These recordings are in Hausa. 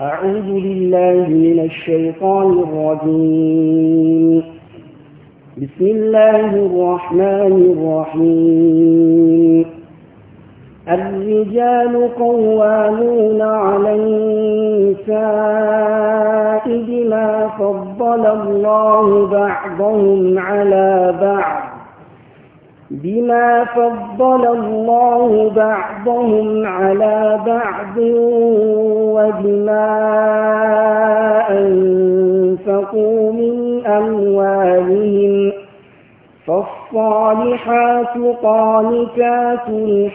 أعوذ بالله من الشيطان الرجيم بسم الله الرحمن الرحيم الرجال قوامون على النساء بما فضل الله بعضهم على بعض بما فضل الله بعضهم على بعض وبما أنفقوا من أموالهم فالصالحات قانتات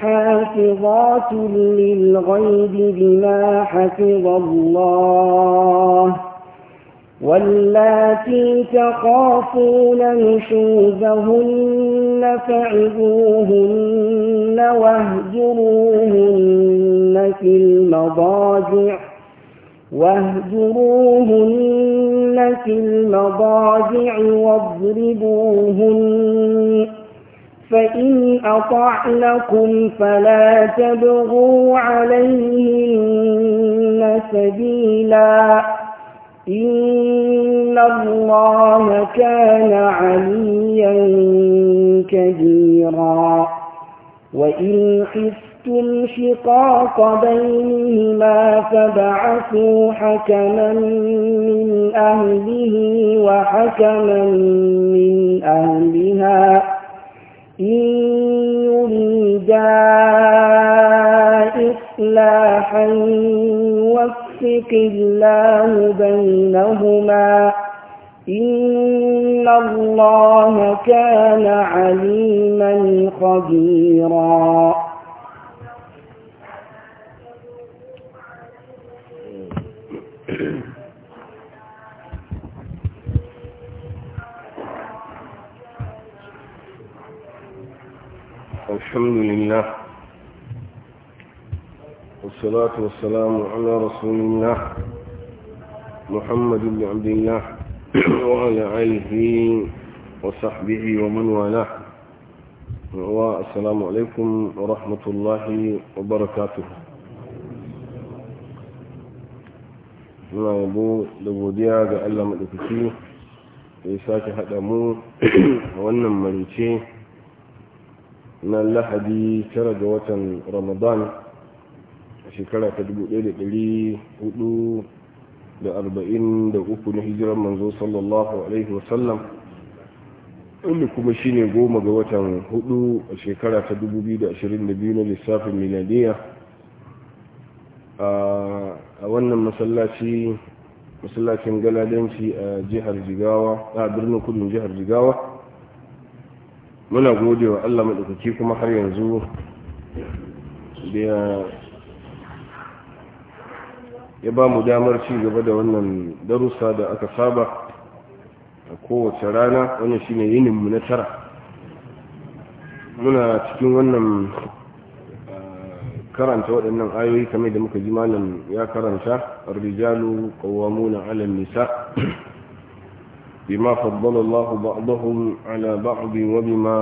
حافظات للغيب بما حفظ الله واللاتي تخافون نشوزهن فعذوهن واهجروهن في المضاجع واهجروهن في المضاجع واضربوهن فإن أطعنكم فلا تبغوا عليهن سبيلاً إن الله كان عليا كبيرا وإن خفتم شقاق بينهما فبعثوا حكما من أهله وحكما من أهلها إن يريدا إصلاحا وفقا يفرق الله بينهما إن الله كان عليما خبيرا الحمد لله والصلاة والسلام على رسول الله محمد بن عبد الله وعلى آله وصحبه ومن والاه والسلام عليكم ورحمة الله وبركاته muna yabo da godiya ga Allah maɗaukaki da ya sake haɗa mu a wannan marice na lahadi tara ga watan ramadan shekara ta 1443 na hijiran manzo sallallahu alaihi wasallam inda kuma shi ne goma ga watan hudu a shekara ta 2022 na lissafin miladiya a wannan masallaci masallacin galadanci a jihar jigawa a birnin kudin jihar jigawa muna gode wa allah maɗaukaki kuma har yanzu da ya ba mu damar ci gaba da wannan darussa da aka saba a kowace rana wannan shine yininmu na tara muna cikin wannan ah, karanta waɗannan ayoyi kamar da muka ji malam ya karanta rijalu qawwamuna 'ala nisa bima faddala Allahu ba'dahum 'ala ba'd wa bima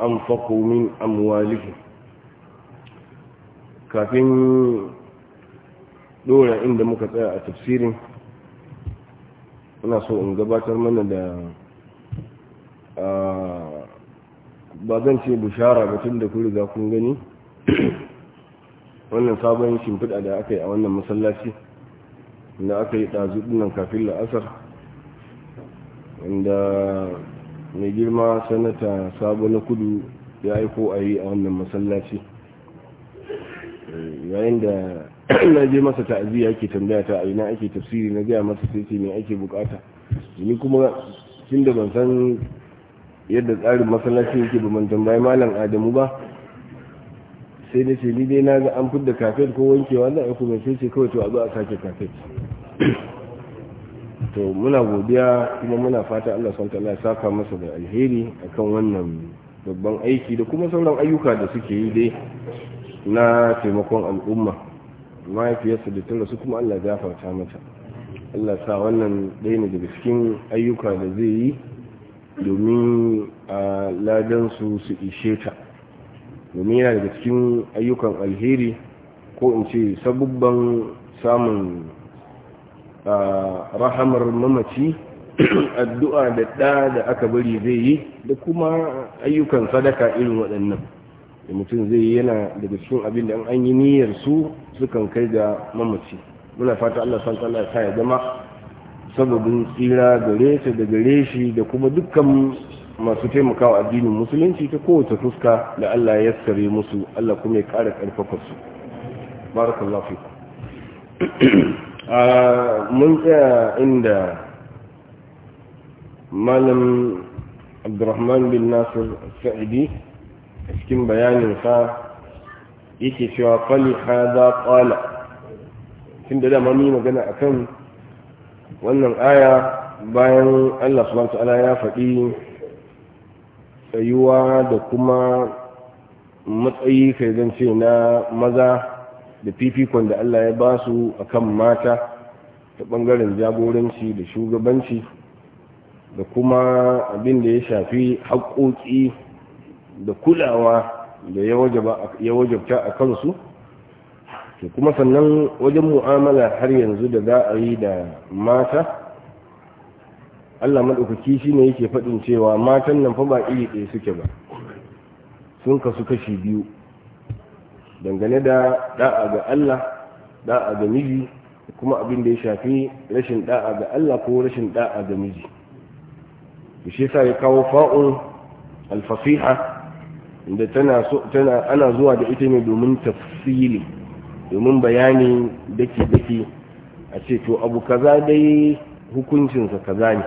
anfaqu min amwalihim kafin dora inda muka tsaya a tafsirin ina so in gabatar mana da ba zan ce bushara batun tun da ku kun gani wannan sabon shimfiɗa da aka yi a wannan masallaci da aka yi ɗazu ɗinan kafin la'asar inda mai girma sanata sabo na kudu ya aiko a yi a wannan masallaci eh, yayin da na je masa ta'aziyya ke tambaya ta ina ake tafsiri na gaya masa sai ce me ake bukata ni kuma da ban san yadda tsarin masallaci yake ba ban tambayi malam Adamu ba sai na ce ni dai na ga an fidda kafet ko wankewa na aiko mai sai ce kawai to a zo a sake kafet to muna godiya kuma muna fata Allah sun ta ya saka masa da alheri a kan wannan babban aiki da kuma sauran ayyuka da suke yi dai na taimakon al'umma mahaifiyarsa da tun kuma Allah gafarta mata Allah sa wannan daina ne daga cikin ayyuka da zai yi domin a ladansu su ishe ta domin yana daga cikin ayyukan alheri ko in ce sabubban samun rahamar mamaci addu'a da ɗa da aka bari zai yi da kuma ayyukan sadaka irin waɗannan da mutum zai yi yana daga cikin abin da an yi niyyar su sukan kai da mamaci muna fata Allah san Allah ya sa ya zama sababin tsira gare ta da gare shi da kuma dukkan masu taimakawa addinin musulunci ta kowace fuska da Allah ya tsare musu Allah kuma ya kare karfafa su barakallahu mun tsaya inda malam Abdurrahman bin Nasir Sa'idi a cikin bayaninsa yake cewa fali haza ƙwala tun da dama yi magana a kan wannan aya bayan allah subhanahu ta'ala ya faɗi tsayuwa da kuma matsayi kai ce na maza da fifikon da allah ya ba su a kan mata ta ɓangaren jagoranci da shugabanci da kuma abin da ya shafi haƙoƙi da kulawa da ya wajabta a kansu ke kuma sannan wajen mu'amala har yanzu da za a yi da mata allah maɗaukaki shi ne yake faɗin cewa matan nan fa ba iri ɗaya suke ba sun kasu kashi biyu dangane da ɗa'a ga allah da'a ga miji kuma abin da ya shafi rashin ɗa'a ga allah ko rashin ɗa'a ga miji shi sa ya kawo fa'un alfasiha inda tana ana zuwa da ita ne domin tafsili domin bayani dake dake a ce to abu kaza dai hukuncinsa kaza ne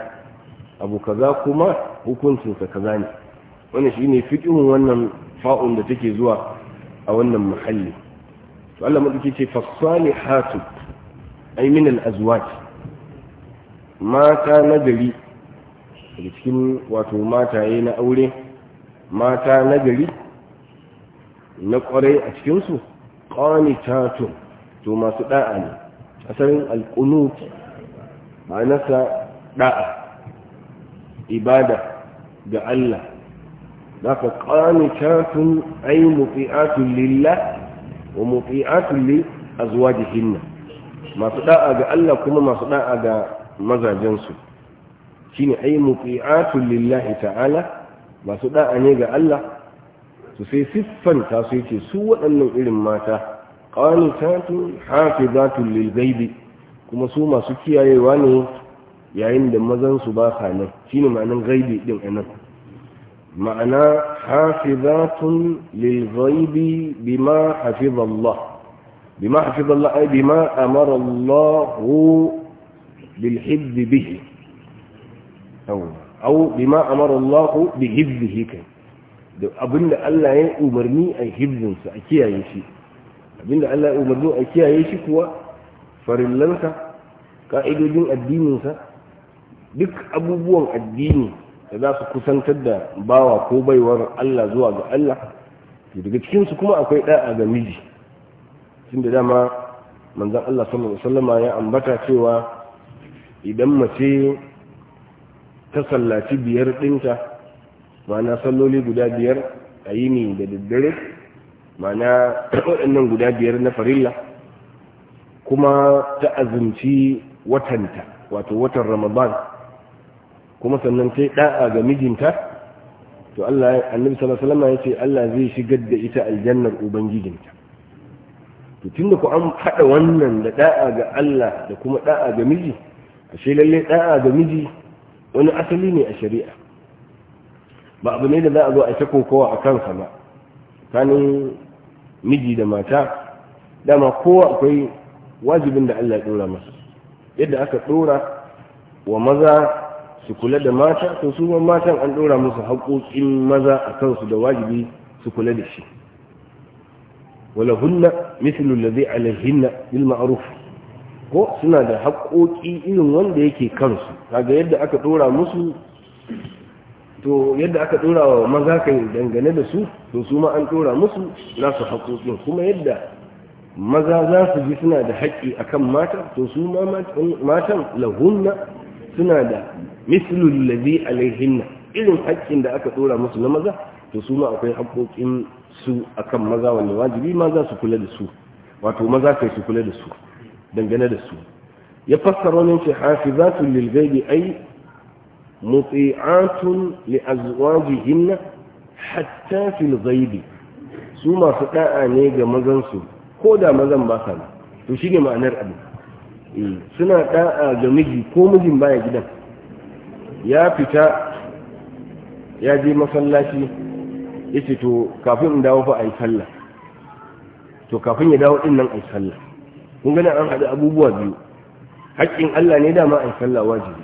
abu kaza kuma hukuncinsa kaza ne wannan shine fikin wannan fa'un da take zuwa a wannan muhalli to Allah madauki ce fasali ay min al-azwaj mata nagari daga cikin wato mataye na aure mata na gari na kwarai a cikinsu tato, to masu da'a ne asalin alqunut ma'anarsa da'a ibada ga Allah zaka qanitatun ai muti'atun lilla wa muti'atun li jihinna masu da'a ga Allah kuma masu da'a ga mazajensu shine ay muti'atun lillahi ta'ala masu da'a ne ga Allah su sai siffanta su yake su waɗannan irin mata qanitatun hafizatun lil ghaibi kuma su masu kiyayewa ne yayin da mazan su ba sa nan shine ma'anan ghaibi din anan ma'ana hafizatun lil ghaibi bima hafiza Allah bima hafiza Allah ay bima amara Allah bil hifz bihi au bima Amarallahu Allah bi hifzihi kai da abinda Allah ya umarni a hifzin sa a kiyaye shi abinda Allah ya umarni a kiyaye shi kuwa farillansa ka'idodin addinin sa duk abubuwan addini da za su kusantar da bawa ko baiwar Allah zuwa ga Allah to daga cikin su kuma akwai da'a ga miji tunda dama manzon Allah sallallahu alaihi wasallama ya ambata cewa idan mace ta sallaci biyar ɗinta ma'ana salloli guda biyar a yi yini da daddare ma'ana waɗannan guda biyar na farilla kuma ta azumci watanta wato watan ramadan kuma sannan ta yi ɗa'a ga mijinta to Allah annabi sallallahu alaihi wasallam ya Allah zai shigar da ita aljannar ubangijinta to tunda ku an haɗa wannan da ɗa'a ga Allah da kuma ɗa'a ga miji ashe lalle ɗa'a ga miji wani asali ne a shari'a ba abu ne da za a zo a ta kokowa a kansa ba kanin miji da mata dama kowa akwai wajibin da Allah ya dora masa yadda aka dora wa maza su kula da mata to su matan an dora musu haƙoƙin maza a kansu da wajibi su kula da shi ولهن مثل الذي bil بالمعروف ko suna da haƙoƙi irin wanda yake kansu daga yadda aka tura musu to yadda aka tura wa maza kan dangane da su to su ma an dora musu nasu haƙoƙin kuma yadda maza za su ji suna da haƙƙi akan mata to su ma matan lahunna suna da mislul ladhi alaihinna irin haƙƙin da aka dora musu na maza to su ma akwai haƙoƙin su akan maza wanda wajibi maza su kula da su wato maza kai su kula da su dangane da su ya fassara wani ce hafizatun lil ghaibi ai muti'atun li azwajihin hatta fil ghaibi su masu da'a ne ga mazan su ko da mazan ba sa to shine ma'anar abu eh, suna da'a ga miji ko mijin baya gidan ya fita ya je masallaci ya to kafin in dawo fa a sallah to kafin ya dawo din nan a sallah kun gani an haɗu abubuwa biyu haƙƙin Allah ne dama a sallah wajibi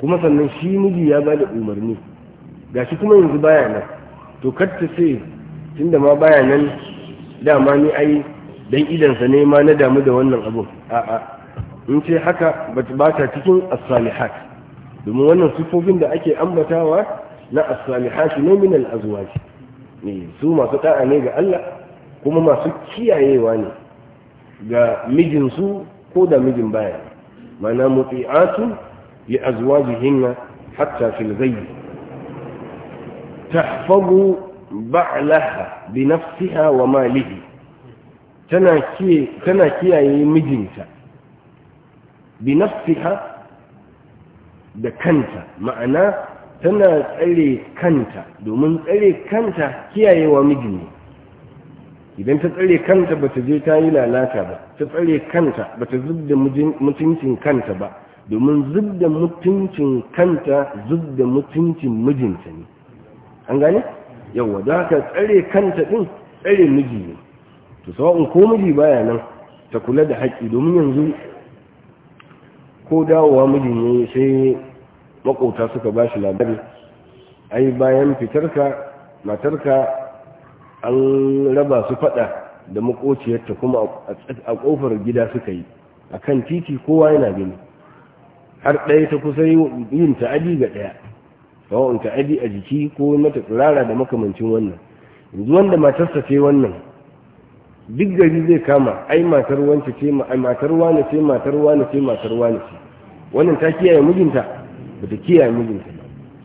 kuma sannan shi miji ya ba da umarni Ga shi kuma yanzu baya nan to katta sai tunda ma baya nan dama ni ai dan idansa ne ma na damu da wannan abun a'a in ce haka ba ta cikin as-salihat domin wannan sifofin da ake ambatawa na as-salihat ne min al-azwaj ne su masu ta'a ne ga Allah kuma masu kiyayewa ne ga mijinsu ko da mijin baya mana muti'atu li azwajihinna hatta fil ghayb tahfazu ba'laha bi nafsiha wa malihi tana kiyaye mijinta bi nafsiha da kanta ma'ana tana tsare kanta domin tsare kanta kiyayewa mijinta idan ta tsare kanta ba ta je ta yi lalata ba ta tsare kanta ba ta zub da mutuncin kanta ba domin zub da mutuncin kanta zub da mutuncin mijinta ne an gane yawa da haka tsare kanta din tsare miji ne to sawa'un ko miji baya nan ta kula da haƙƙi domin yanzu ko dawowa miji ne sai maƙota suka ba shi labari ai bayan fitarka matarka an raba su fada da makociyarta kuma a kofar gida suka yi a kan titi kowa yana gani har ɗaya ta kusa yin ta'adi ga ɗaya sawa'un ta'adi a jiki ko mata tsirara da makamancin wannan yanzu wanda matarsa ce wannan duk gari zai kama ai matar wance ce matar wane ce matar wane ce matar wane ce wannan ta kiyaye mijinta ba ta kiyaye mijinta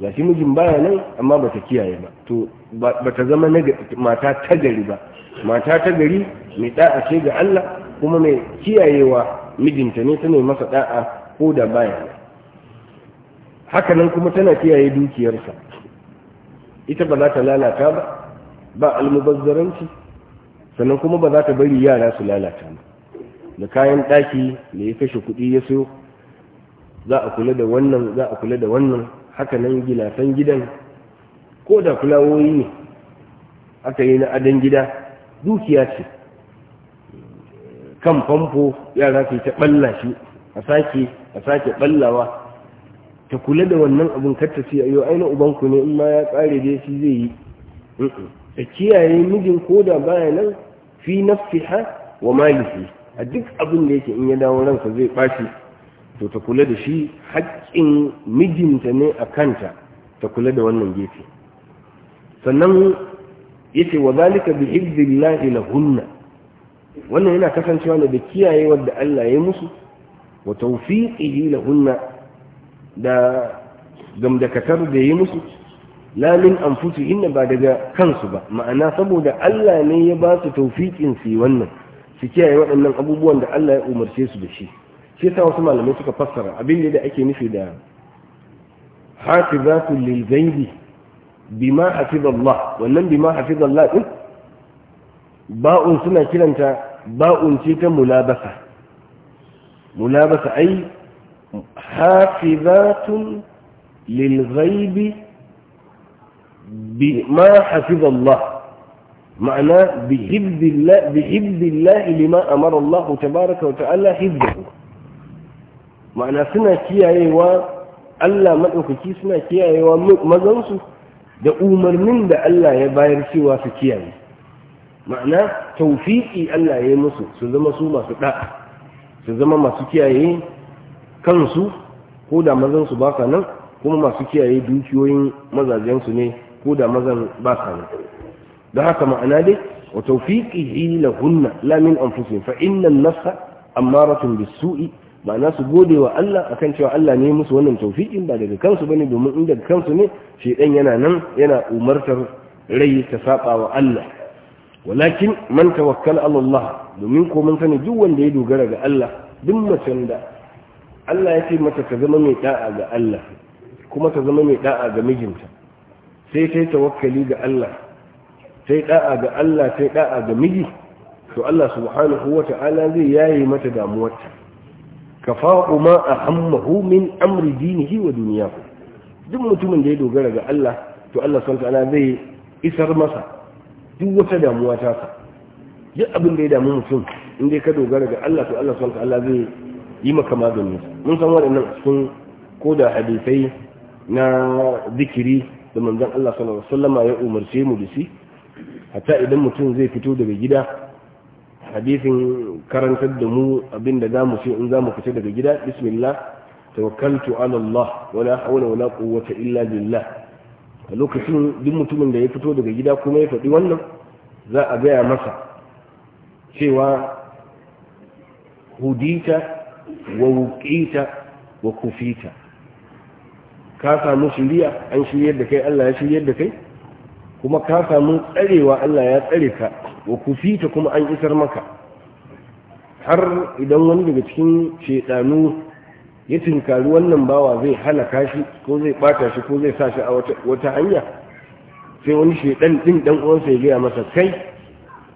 ga shi mijin baya nan amma bata kiyaye ba to bata zama na mata ta gari ba mata ta gari mai da'a ce ga Allah kuma mai kiyayewa mijinta ne ta tana masa da'a ko da baya nan haka nan kuma tana kiyaye dukiyarsa ita ba za ta lalata ba ba almubazzaranci sannan kuma ba za ta bari yara su lalata ba da kayan ɗaki da ya kashe kuɗi ya so za a kula da wannan za a kula da wannan haka nan gilasan gidan ko da fulawoyi ne aka yi na adon gida dukiya ce kan famfo yara ke ta balla shi a sake a sake ballawa ta kula da wannan abin karta sai ayo aina ubanku ne in ma ya kare dai shi zai yi da kiyaye mijin ko da baya nan fi nafsiha wa malihi a duk abin da yake in ya dawo ransa zai bashi to ta kula da shi haƙƙin mijinta ne a kanta ta kula da wannan gefe sannan yace wa zalika bi hibbillahi lahunna wannan yana kasancewa ne da kiyaye wanda Allah ya musu wa tawfiqihi lahunna da gamdakatar da ya musu la min anfusihinna ba daga kansu ba ma'ana saboda Allah ne ya ba su tawfiqin su wannan su kiyaye waɗannan abubuwan da Allah ya umarce su da shi shi yasa wasu malamai suka fassara abin da ake nufi da hafizatu lil ghaibi bima hafizallah wannan bima hafizallah ɗin ba'un suna kiranta ba'un ce ta mulabasa mulabasa ai hafizatun lil ghaibi bima hafizallah معناه ma'ana الله بحفظ الله لما امر الله تبارك وتعالى حفظه ma'ana suna kiyayewa Allah maɗaukaki suna kiyayewa mazansu da umarnin da Allah ya bayar cewa su kiyaye ma'ana taufiƙi Allah ya yi musu su zama su masu ɗa'a su zama masu kiyaye kansu ko da mazansu ba sa nan kuma masu kiyaye dukiyoyin mazajensu ne ko da mazan ba sa nan da haka ma'ana dai wa taufiƙi hunna lamin anfusin fa innan nafsa ratun bisu'i ma'ana su gode wa Allah a kan cewa Allah ne musu wannan taufiƙin ba daga kansu ba ne domin in daga kansu ne shi ɗan yana nan yana umartar rai ta saba wa Allah walakin man tawakkala ala Allah domin ko mun sani duk wanda ya dogara ga Allah duk macen da Allah ya ce mata ta zama mai da'a ga Allah kuma ta zama mai da'a ga mijinta sai ta yi tawakkali ga Allah sai da'a ga Allah sai da'a ga miji to Allah subhanahu wata'ala zai yaye mata damuwarta kafa'u ma ahammahu min amri dinihi wa duniyahu duk mutumin da ya dogara ga Allah to Allah subhanahu ta'ala zai isar masa duk wata damuwa ta sa duk abin da ya damu mutum in dai ka dogara ga Allah to Allah subhanahu ta'ala zai yi maka magani mun san waɗannan cikin koda hadisai na zikiri da manzon Allah sallallahu alaihi ya umarce mu da hatta idan mutum zai fito daga gida hadisin karantar da mu abinda za mu fi in za mu fita daga gida bismillah tawakkaltu ala Allah wala hawla wala quwwata illa billah a lokacin duk mutumin da ya fito daga gida kuma ya faɗi wannan za a gaya masa cewa hudita wa wa kufita ka samu shiriya an shiryar da kai Allah ya shiryar da kai kuma ka samu tsarewa Allah ya tsare ka wa kufita kuma an isar maka har idan wani daga cikin shedanu ya tinkari wannan bawa zai halaka shi ko zai bata shi ko zai sa shi a wata hanya sai wani shedan din dan uwansa ya gaya masa kai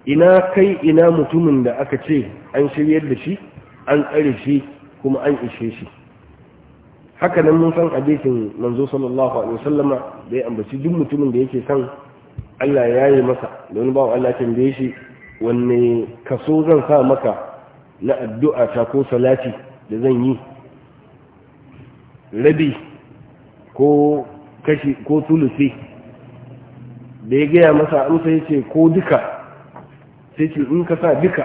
ina kai ina mutumin da aka ce an shiryar da shi an tsare shi kuma an ishe shi haka nan mun san hadisin manzo sallallahu alaihi wasallama da ya ambaci duk mutumin da yake son Allah ya yi masa don bawa Allah tambaye shi wanne kaso zan sa maka na addu'a ta ko salati da zan yi rabi ko kashi ko tulusi da ya gaya masa amsa ya ce ko duka sai ce in ka sa duka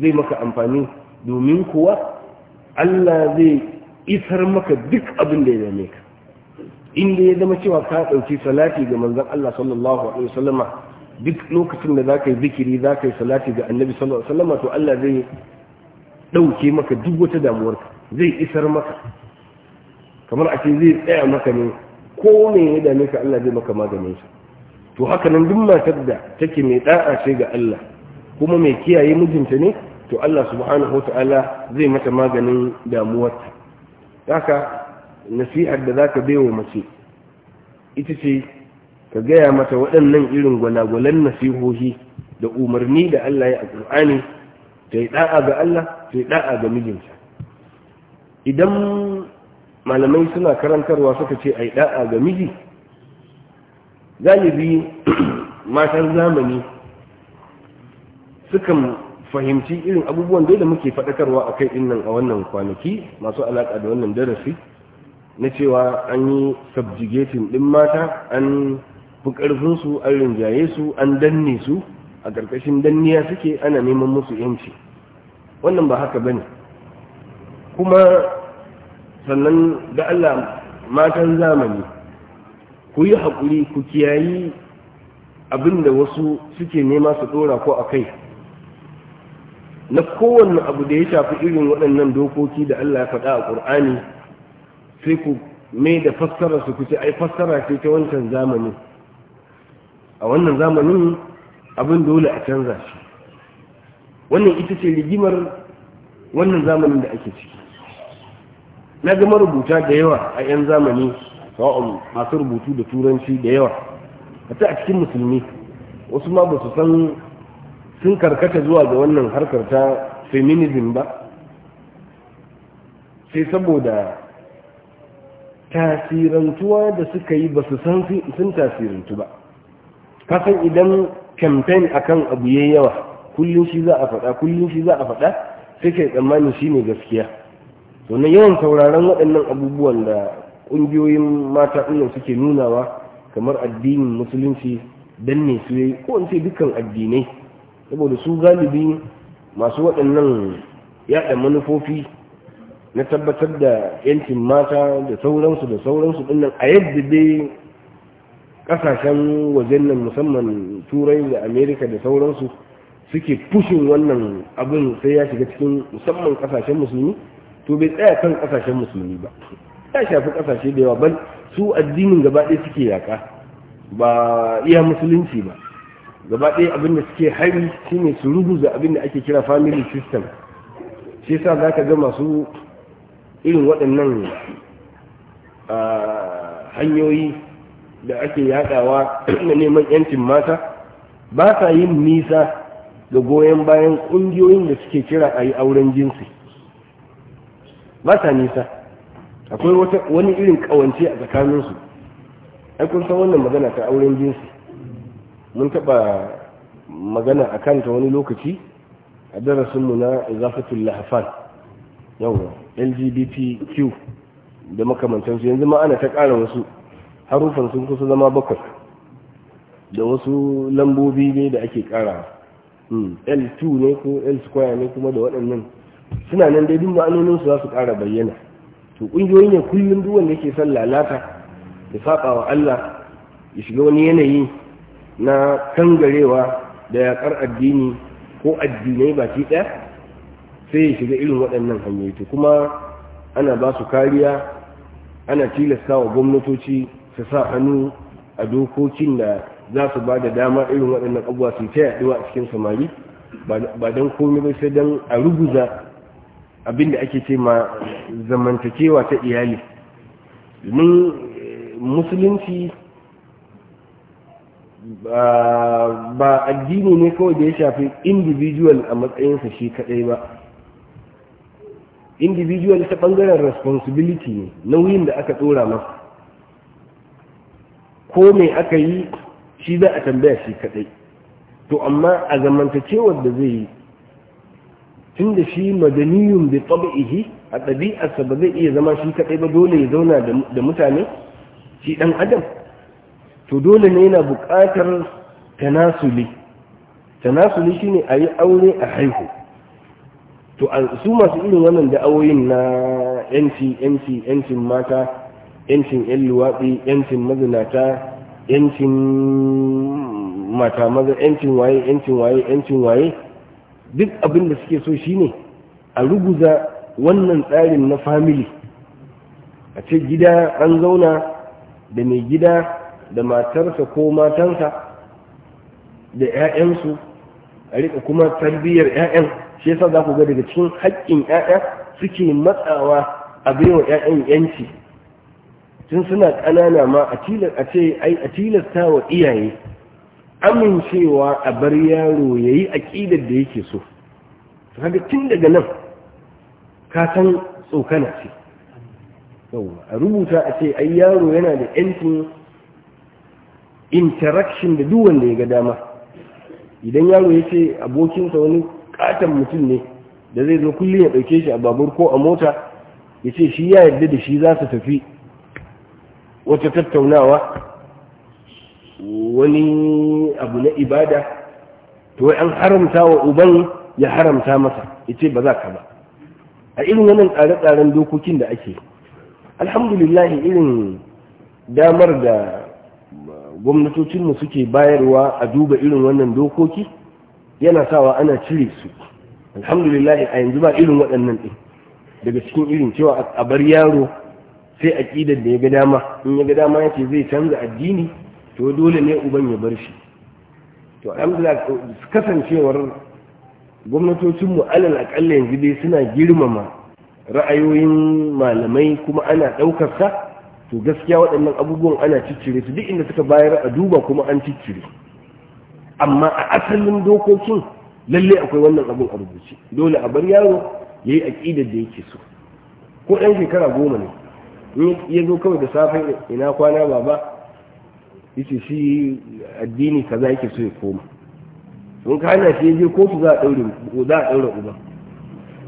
zai maka amfani domin kuwa Allah zai isar maka duk abin da ya dame ka inda ya zama cewa ka ɗauki salati ga manzon Allah sallallahu alaihi wasallam duk lokacin da zaka yi zikiri zaka yi salati ga annabi sallallahu alaihi wasallam to Allah zai ɗauke maka duk wata damuwarka zai isar maka kamar a ce zai tsaya maka ne ko me ya dame ka Allah zai maka maganin to haka nan duk matar da take mai da'a ce ga Allah kuma mai kiyaye mijinta ne to Allah subhanahu wa ta'ala zai mata maganin damuwarta haka nasihar da za ka wa mace ita ce ka gaya mata waɗannan irin gwalagwalan nasihohi da umarni da Allah ya a ta yi ɗa'a ga Allah ta yi ɗa'a ga mijinsa idan malamai suna karantarwa suka ce a yi ɗa'a ga miji galibi matan zamani sukan fahimci irin abubuwan dole muke faɗakarwa a kai ɗin nan a wannan kwanaki masu alaƙa da wannan darasi na cewa an yi subjugating ɗin mata an fi ƙarfinsu an rinjaye su an danne su a ƙarƙashin danniya suke ana neman musu yanci wannan ba haka bane kuma sannan da Allah matan zamani ku yi haƙuri ku kiyayi abin da wasu suke nema su ɗora ko a kai na kowanne abu da ya shafi irin waɗannan dokoki da Allah ya faɗa a ƙur'ani sai ku mai da fassara su kuce ai fassara ce ta wancan zamani a wannan zamanin abin dole a canza shi wannan ita ce rigimar wannan zamanin da ake ciki na ga marubuta da yawa a 'yan zamani sa'on masu rubutu da turanci da yawa hata a cikin musulmi wasu ma ba su san sun karkata zuwa ga wannan harkar ta feminism ba sai saboda tasirantuwa da suka yi ba su san sun tasirantu ba kasan idan kamfen akan abu ya yawa kullum shi za a faɗa kullum shi za a faɗa sai kai tsammanin shi ne gaskiya wannan yawan sauraron waɗannan abubuwan da ƙungiyoyin mata ɗin suke nunawa kamar addinin musulunci dan ne su yayi ko in ce dukkan addinai saboda su galibi masu waɗannan yaɗa manufofi na tabbatar da yancin mata da sauransu da sauransu dinnan a yadda dai kasashen wajen nan musamman turai da amerika da sauransu suke fushin wannan abin sai ya shiga cikin musamman kasashen musulmi to bai tsaya kan kasashen musulmi ba ya shafi kasashe da yawa ban su addinin gaba ɗaya suke yaƙa ba iya musulunci ba gaba ɗaya abin da suke hari shine su ruguza abin da ake kira family system shi yasa zaka ga masu irin waɗannan hanyoyi da ake yaɗawa na neman 'yancin mata ba sa yin nisa ga goyon bayan ƙungiyoyin da suke kira a yi auren jinsi ba sa nisa akwai wani irin ƙawance a tsakaninsu kun san wannan magana ta auren jinsi mun taɓa magana a kanta wani lokaci a darasinmu na zafatun lahafan yau. lgbtq da makamantansu yanzu ma ta ƙara wasu harufan sun kusa zama bakwai da wasu lambobi ne da ake ƙara hmm, l2 ne ko l square ne kuma da waɗannan suna nan dai duk ma'anoninsu za su ƙara bayyana to ƙungiyoyi ne kullum duk wanda yake son lalata ya saba wa Allah ya shiga wani yanayi na kangarewa da yaƙar addini ko addinai ba baki ɗaya sai ya shiga irin waɗannan hanyoyi kuma ana ba su kariya ana tilasta wa gwamnatoci su sa hannu a dokokin da za su ba da dama irin waɗannan abuwa su ta yaɗuwa a cikin samari ba don komai ba sai don a rubuza abin da ake ce ma zamantakewa ta iyali domin eh, musulunci ba addini ne kawai da ya shafi individual a matsayinsa shi kaɗai ba individual ta bangaren responsibility ne nauyin da aka tsora masa ko me aka yi shi za a tambaya shi kadai to amma a zamantakewar da zai yi tun da shi madaniyun bi tabi'ihi a ɗabi'arsa ba zai iya zama shi kadai ba dole ya zauna da mutane shi dan adam to dole ne yana buƙatar tanasuli tanasuli shine a yi aure a haihu to su masu irin wannan da'awoyin na yanci yanci yancin mata yancin yan luwaɗi yancin mazinata yancin mata maza yancin waye yancin waye yancin waye duk abin da suke so shi ne a ruguza wannan tsarin na famili a ce gida an zauna da mai gida da matarsa ko matansa da 'ya'yansu a rika kuma tarbiyyar 'ya'yan shi yasa za ku ga daga cikin haƙƙin ƴaƴa suke matsawa a baiwa ƴaƴan yanci tun suna ƙanana ma a ce ai a tilasta wa iyaye amincewa a bar yaro yayi aƙidar da yake so kaga tun daga nan ka san tsokana ce a rubuta a ce ai yaro yana da yancin interaction da duk wanda ya ga dama idan yaro ya ce abokinsa wani bukatan mutum ne da zai zo kullum ya ɗauke shi a babur ko a mota ya ce shi ya yarda da shi za su tafi wata tattaunawa wani abu na ibada to an haramta wa uban ya haramta masa ya ce ba za ka ba a irin wannan tsare-tsaren dokokin da ake alhamdulillah irin damar da gwamnatocinmu suke bayarwa a duba irin wannan dokoki yana sawa ana cire su alhamdulillah a yanzu ba irin waɗannan ɗin daga cikin irin cewa a bar yaro sai a ƙidar da ya ga dama in ya ga dama ya ce zai canza addini to dole ne uban ya bar shi to alhamdulillah kasancewar gwamnatocinmu alal aƙalla yanzu dai suna girmama ra'ayoyin malamai kuma ana ɗaukar sa to gaskiya waɗannan abubuwan ana ciccire su duk inda suka bayar a duba kuma an ciccire amma a asalin dokokin lalle akwai wannan abin a rubuce dole a bar yaro yayi aqidar da yake so ko ɗan shekara goma ne in ya zo kawai da safe ina kwana baba yace shi addini kaza yake so ya koma in ka hana shi je kotu za a daure za a uba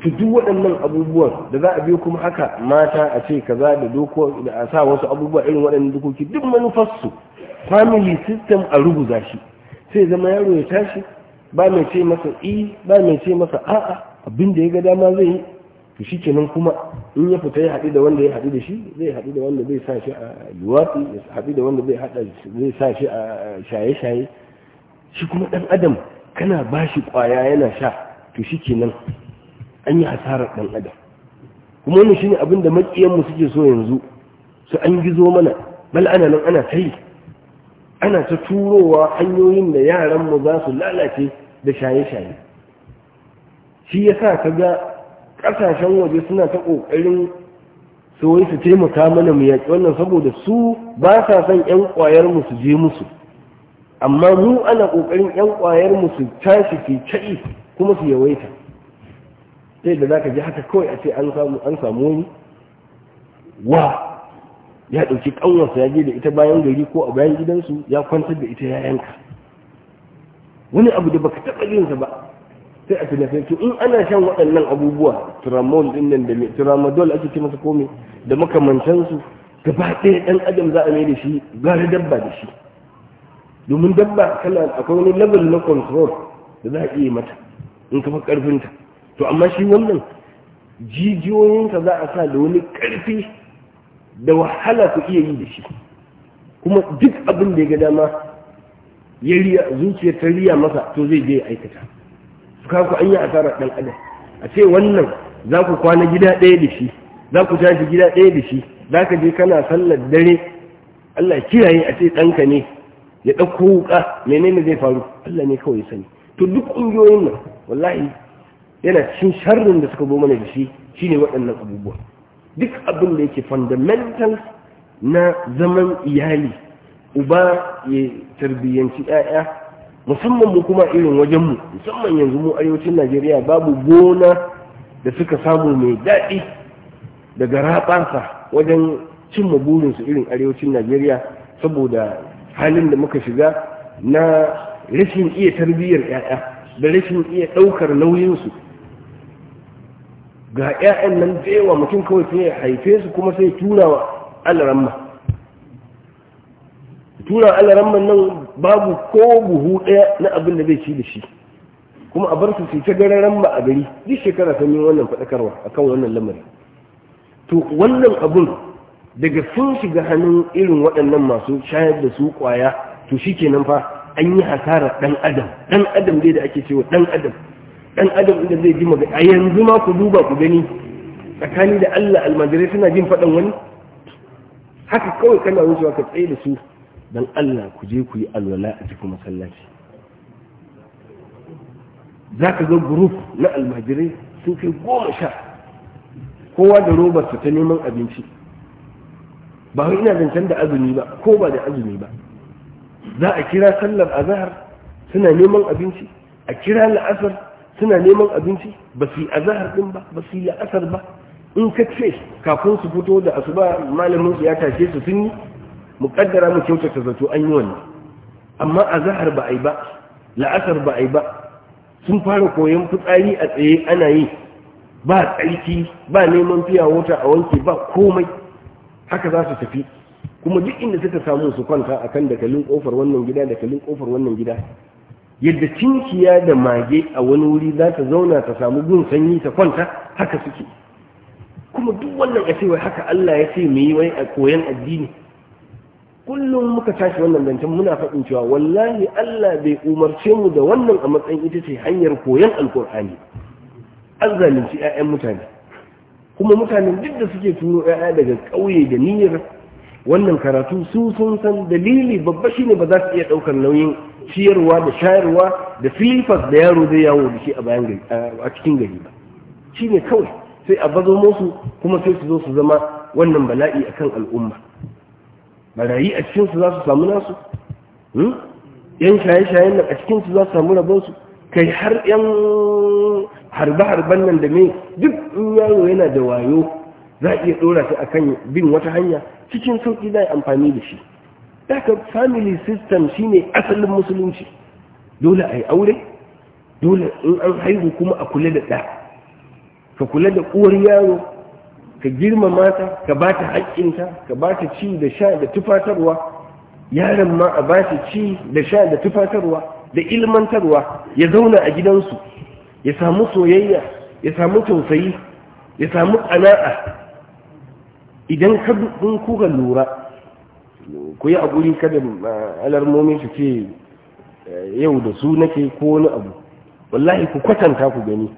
to duk waɗannan abubuwan da za a biyo kuma haka mata a ce kaza da doko da a sa wasu abubuwa irin waɗannan dokoki duk manufarsu family system a rubuza shi sai zama yaro ya tashi ba mai ce masa i ba mai ce masa a'a abin da ya ga dama zai yi to shi kenan kuma in ya fita ya haɗu da wanda ya haɗu da shi zai haɗu da wanda zai sa shi a luwaɗi ya haɗu da wanda zai haɗa zai sa shi a shaye-shaye shi kuma ɗan adam kana ba shi ƙwaya yana sha to shi kenan an yi hasarar ɗan adam kuma shi ne abin da maƙiyanmu suke so yanzu su an gizo mana bal ana nan ana ta yi ana ta turowa hanyoyin da yaranmu za su lalace da shaye-shaye shi ya sa ka ga ƙasashen waje suna ta ƙoƙarin su su taimaka mana mu yaƙi wannan saboda su ba sa son 'yan ƙwayar su je musu amma mu ana ƙoƙarin 'yan ƙwayar su tashi ke caɗi kuma su yawaita sai da za ka ji haka kawai a ce an samu wani wa ya ɗauki ƙaunarsa ya je da ita bayan gari ko a bayan gidansu ya kwantar da ita yayanka wani abu da baka taɓa jinsa ba sai a to in ana shan waɗannan abubuwa turamol ɗin nan da mai turamadol ake ce masa komai da makamantansu gaba ɗaya ɗan adam za a mai da shi gara dabba da shi domin dabba kana akwai wani level na control da za a iya mata in kafa ƙarfinta to amma shi wannan jijiyoyinka za a sa da wani karfi da wahala ku iya yi da shi kuma duk abin da ya ga dama ya riya zuciya ta riya masa to zai je ya aikata su kaku an yi asarar ɗan adam a ce wannan za ku kwana gida ɗaya da shi za ku tashi gida ɗaya da shi za ka je kana sallar dare Allah kiyaye a ce ɗanka ne ya ɗauko wuƙa menene zai faru Allah ne kawai sani to duk ƙungiyoyin nan wallahi yana cikin sharrin da suka zo mana da shi shine waɗannan abubuwa duk abin da yake fundamental na zaman iyali uba ya tarbiyyanci 'ya'ya musamman mu kuma irin wajenmu musamman yanzu mu arewacin najeriya babu gona da suka samu mai daɗi daga raɓansa wajen cimma burinsu irin arewacin najeriya saboda halin da muka shiga na rashin iya tarbiyyar 'ya'ya da rashin iya ɗaukar nauyinsu ga 'ya'yan nan da yawa mutum kawai sai ya haife su kuma sai tura wa alaramma tura alaramman nan babu ko buhu ɗaya na abin da zai ci da shi kuma a bar su su ta gararan ba a gari duk shekara ta yi wannan faɗakarwa akan wannan lamari to wannan abun daga sun shiga hannun irin waɗannan masu shayar da su ƙwaya to shi kenan fa an yi hasarar ɗan adam ɗan adam dai da ake cewa ɗan adam dan adam inda zai ji magana a yanzu ma ku duba ku gani tsakani da Allah almajirai suna jin faɗan wani haka kawai kana wucewa ka tsaye da su dan Allah ku je ku yi alwala a cikin masallaci za ka ga group na almajirai sun kai goma sha kowa da robarsa ta neman abinci ba wai ina zancen da azumi ba ko ba da azumi ba za a kira sallar azahar suna neman abinci a kira la'asar suna neman abinci ba su yi azahar ɗin ba ba su yi la'asar ba in ka ce kafin su fito da asuba malamin su ya tashe su sun yi mu kaddara mu kyautata zato an yi wannan amma azahar ba a yi ba la'asar ba a yi ba sun fara koyon fitsari a tsaye ana yi ba tsarki ba neman fiya wata a wanke ba komai haka za su tafi kuma duk inda suka samu su kwanta akan dakalin kofar wannan gida dakalin kofar wannan gida yadda cinkiya da mage a wani wuri za ta zauna ta samu gun sanyi ta kwanta haka suke kuma duk wannan a cewa haka Allah ya ce mu yi wai a koyan addini kullum muka tashi wannan zancen muna faɗin cewa wallahi Allah bai umarce mu da wannan a matsayin ita ce hanyar koyan alkur'ani an zalunci 'ya'yan mutane kuma mutane duk da suke tuno 'ya'ya daga ƙauye da niyyar wannan karatu su sun san dalili babba shine ba za su iya ɗaukar nauyin ciyarwa da shayarwa da filifas da yaro zai yawo da shi a bayan gari a cikin gari ba shi ne kawai sai a bazo musu kuma sai su zo su zama wannan bala'i akan al'umma barayi a cikin za su samu nasu hmm? yan shaye-shayen nan a cikin su za su samu rabonsu kai har yan harbe-harben nan da mai duk in yaro yana da wayo za a iya dora shi akan bin wata hanya cikin sauki za a amfani da shi daga family system shine asalin musulunci dole a yi aure dole in an haihu kuma a kula da ɗa ka kula da uwar yaro ka girmama ta ka ba ta haƙƙinta ka ba ta ci da sha da tufatarwa yaron ma a ba ta ci da sha da tufatarwa da ilmantarwa ya zauna a gidansu ya samu soyayya ya samu tausayi ya samu ƙana'a idan ka kuka lura ku yi abu kada alarmomi su ce eh, yau da su nake ko wani abu wallahi ku kwatanta ku gani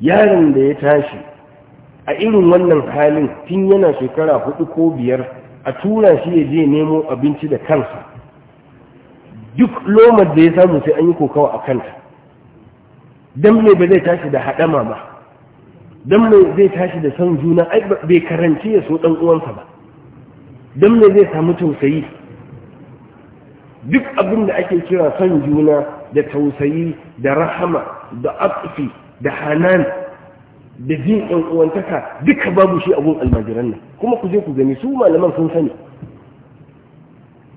yaron da ya tashi a irin wannan halin tun yana shekara hudu ko biyar a tura shi ya je nemo abinci da kansa duk lomar da ya samu sai an yi kokawa a kanta don mai ba zai tashi da haɗama ba don mai zai tashi da son juna bai karanci ya so ɗan uwansa ba don me zai samu tausayi duk abin da ake kira son juna da tausayi da rahama da afi da hanan da jin ɗan uwantaka duka babu shi abun almajiran nan kuma ku je ku gani su malaman sun sani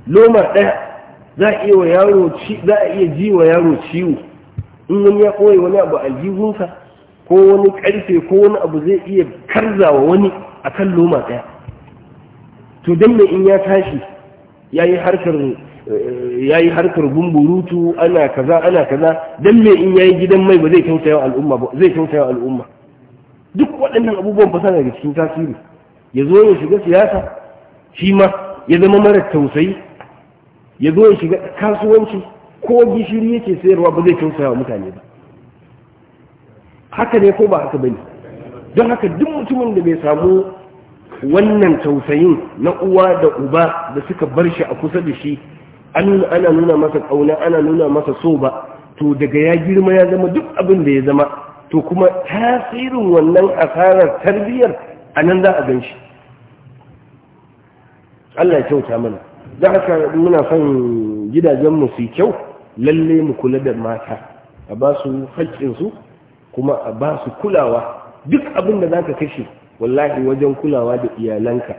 loma ɗaya za a iya ji wa yaro ciwo in wani ya koyi wani abu aljihunsa ko wani ƙarfe ko wani abu zai iya karzawa wani a kan loma ɗaya to dan ne in ya tashi yayi harkar yayi harkar gumburutu ana kaza ana kaza dan me in yayi gidan mai ba zai tausaya al'umma ba zai tausaya al'umma duk waɗannan abubuwan sa daga cikin tasiri ya zo ya shiga siyasa shi ma ya zama mara tausayi ya zo ya shiga kasuwanci ko gishiri yake sayarwa ba zai tausaya wa mutane ba haka ne ko ba haka bane don haka duk mutumin da bai samu wannan tausayin na uwa da uba da suka bar shi a kusa da shi ana nuna masa ƙauna ana nuna masa so ba to daga ya girma ya zama duk abin da ya zama to kuma tasirin wannan asarar tarbiyyar a nan za a gan shi Allah ya kyauta mana za ka muna son gidajenmu su kyau lalle mu kula da mata a ba su haƙƙinsu kuma a ba su kulawa duk abin da za ka kashe wallahi wajen kulawa da iyalanka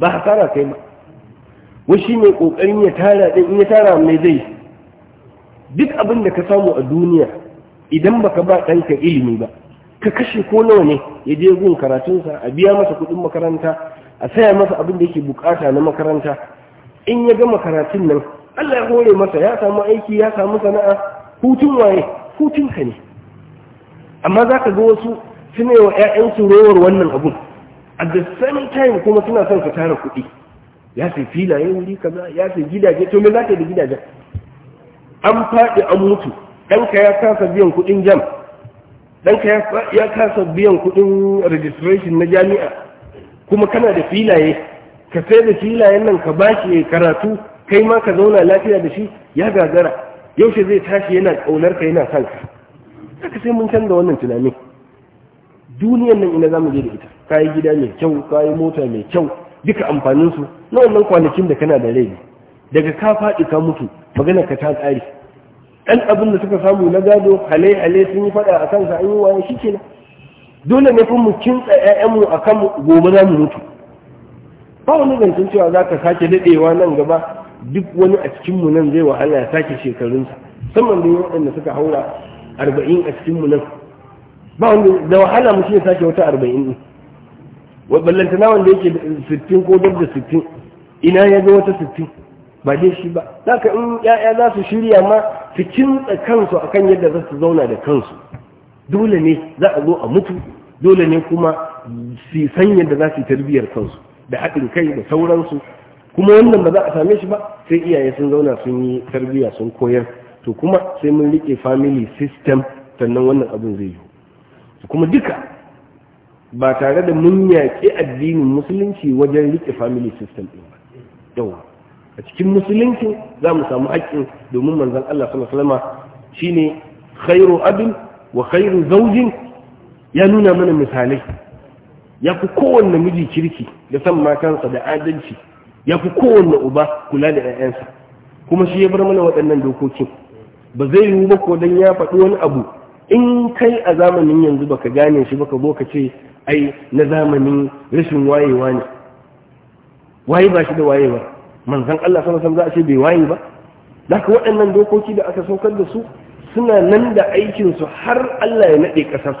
ba hasara kai ba wasu mai kokarin ya tara ɗin in ya tara mai zai duk abin da ka samu a duniya idan baka ba ɗanka ilimi ba ka kashe ko nawa ne ya je gun karatunsa a biya masa kuɗin makaranta a saya masa abin da yake bukata na makaranta in ya gama karatun nan Allah ya hore masa ya samu aiki ya samu sana'a hutun waye hutun ne amma za ka ga wasu suna wa 'ya'yansu rowar wannan abun at the same time kuma suna son ka tara kuɗi ya sai filaye wuri kaza ya sai gidaje to me za ka yi da gidajen an faɗi an mutu ɗanka ya kasa biyan kuɗin jam ɗanka ya kasa biyan kuɗin registration na jami'a kuma kana da filaye ka sai da filayen nan ka ba shi karatu kai ma ka zauna lafiya da shi ya gagara yaushe zai tashi yana ƙaunar ka yana son ka sai mun canza wannan tunanin Duniyar nan ina zamu je da ita kayi gida mai kyau kayi mota mai kyau duka amfanin su na wannan kwanakin da kana da rai daga ka faɗi ka mutu magana ka ta tsari Yan abin da suka samu na gado hale hale sun yi faɗa a kansa an yi waye shikenan dole ne fa mu kintsa mu akan gobe za mu mutu ba wani zancen cewa za ka sake daɗewa nan gaba duk wani a cikinmu nan zai wahala ya sake shekarunsa saman da waɗanda suka haura arba'in a cikinmu nan ba wanda da wahala mu shine sake wata arba'in ne wa ballanta na wanda yake sittin ko duk da sittin ina ya ga wata sittin ba dai shi ba ka in ya'ya za su shirya ma su kansu akan yadda za su zauna da kansu dole ne za a zo a mutu dole ne kuma su san yadda za su tarbiyar kansu da haɗin kai da sauransu kuma wannan ba za a same shi ba sai iyaye sun zauna sun yi tarbiya sun koyar to kuma sai mun rike family system sannan wannan abin zai yi kuma duka ba tare da mun yaƙi addinin musulunci wajen riƙe family system ɗin ba yawa a cikin musulunci za mu samu haƙƙin domin manzan Allah sallallahu alaihi shine khairu abin wa khairu zaujin ya nuna mana misalai ya fi kowanne miji kirki da san matansa da adalci ya fi kowanne uba kula da ƴaƴansa. kuma shi ya bar mana waɗannan dokokin ba zai yiwu ba ko dan ya faɗi wani abu in kai a zamanin yanzu baka gane shi baka zo ka ce ai na zamanin rashin wayewa ne waye ba shi da waye ba manzan Allah sama sama za a ce bai waye ba ka waɗannan dokoki da aka saukar da su suna nan da aikinsu har Allah ya naɗe kasar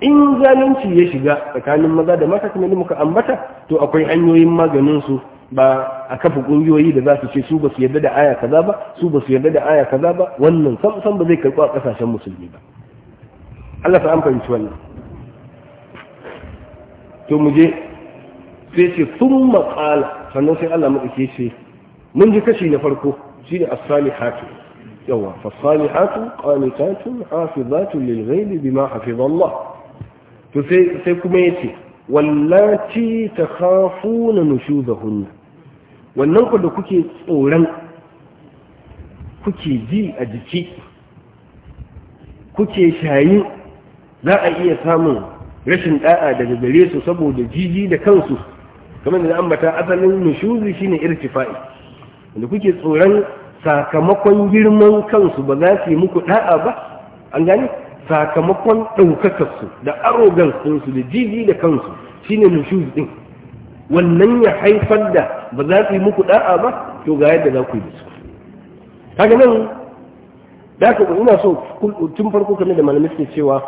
in zalunci ya shiga tsakanin maza da mata kuma muka ambata to akwai hanyoyin maganin su ba a kafa ƙungiyoyi da za su ce su ba su yarda da aya kaza ba su ba su yarda da aya kaza ba wannan sam sam ba zai karɓu a ƙasashen musulmi ba Allah ta an fahimci wannan to mu je sai ce sun maƙala sannan sai Allah maɗauke ce mun ji kashi na farko shi ne asali salihatu yawa fas-salihatu qanitatun hafizatun lil ghaibi bima hafiz Allah to sai sai kuma yace wallaci ta na da hunna wannan ku da kuke tsoron kuke ji a jiki kuke shayi za a iya samun rashin da'a daga gare su saboda jiji da kansu kamar da ambata asalin nushuzi shine irtifa'i da kuke tsoron sakamakon girman kansu ba za su yi muku da'a ba an gane sakamakon ɗaukakarsu da arogansinsu da jiji da kansu shine nushuz ɗin wannan ya haifar da ba za su yi muku ɗa'a ba to ga yadda za ku yi su kaga nan da ka ina so tun farko kamar da malamai suke cewa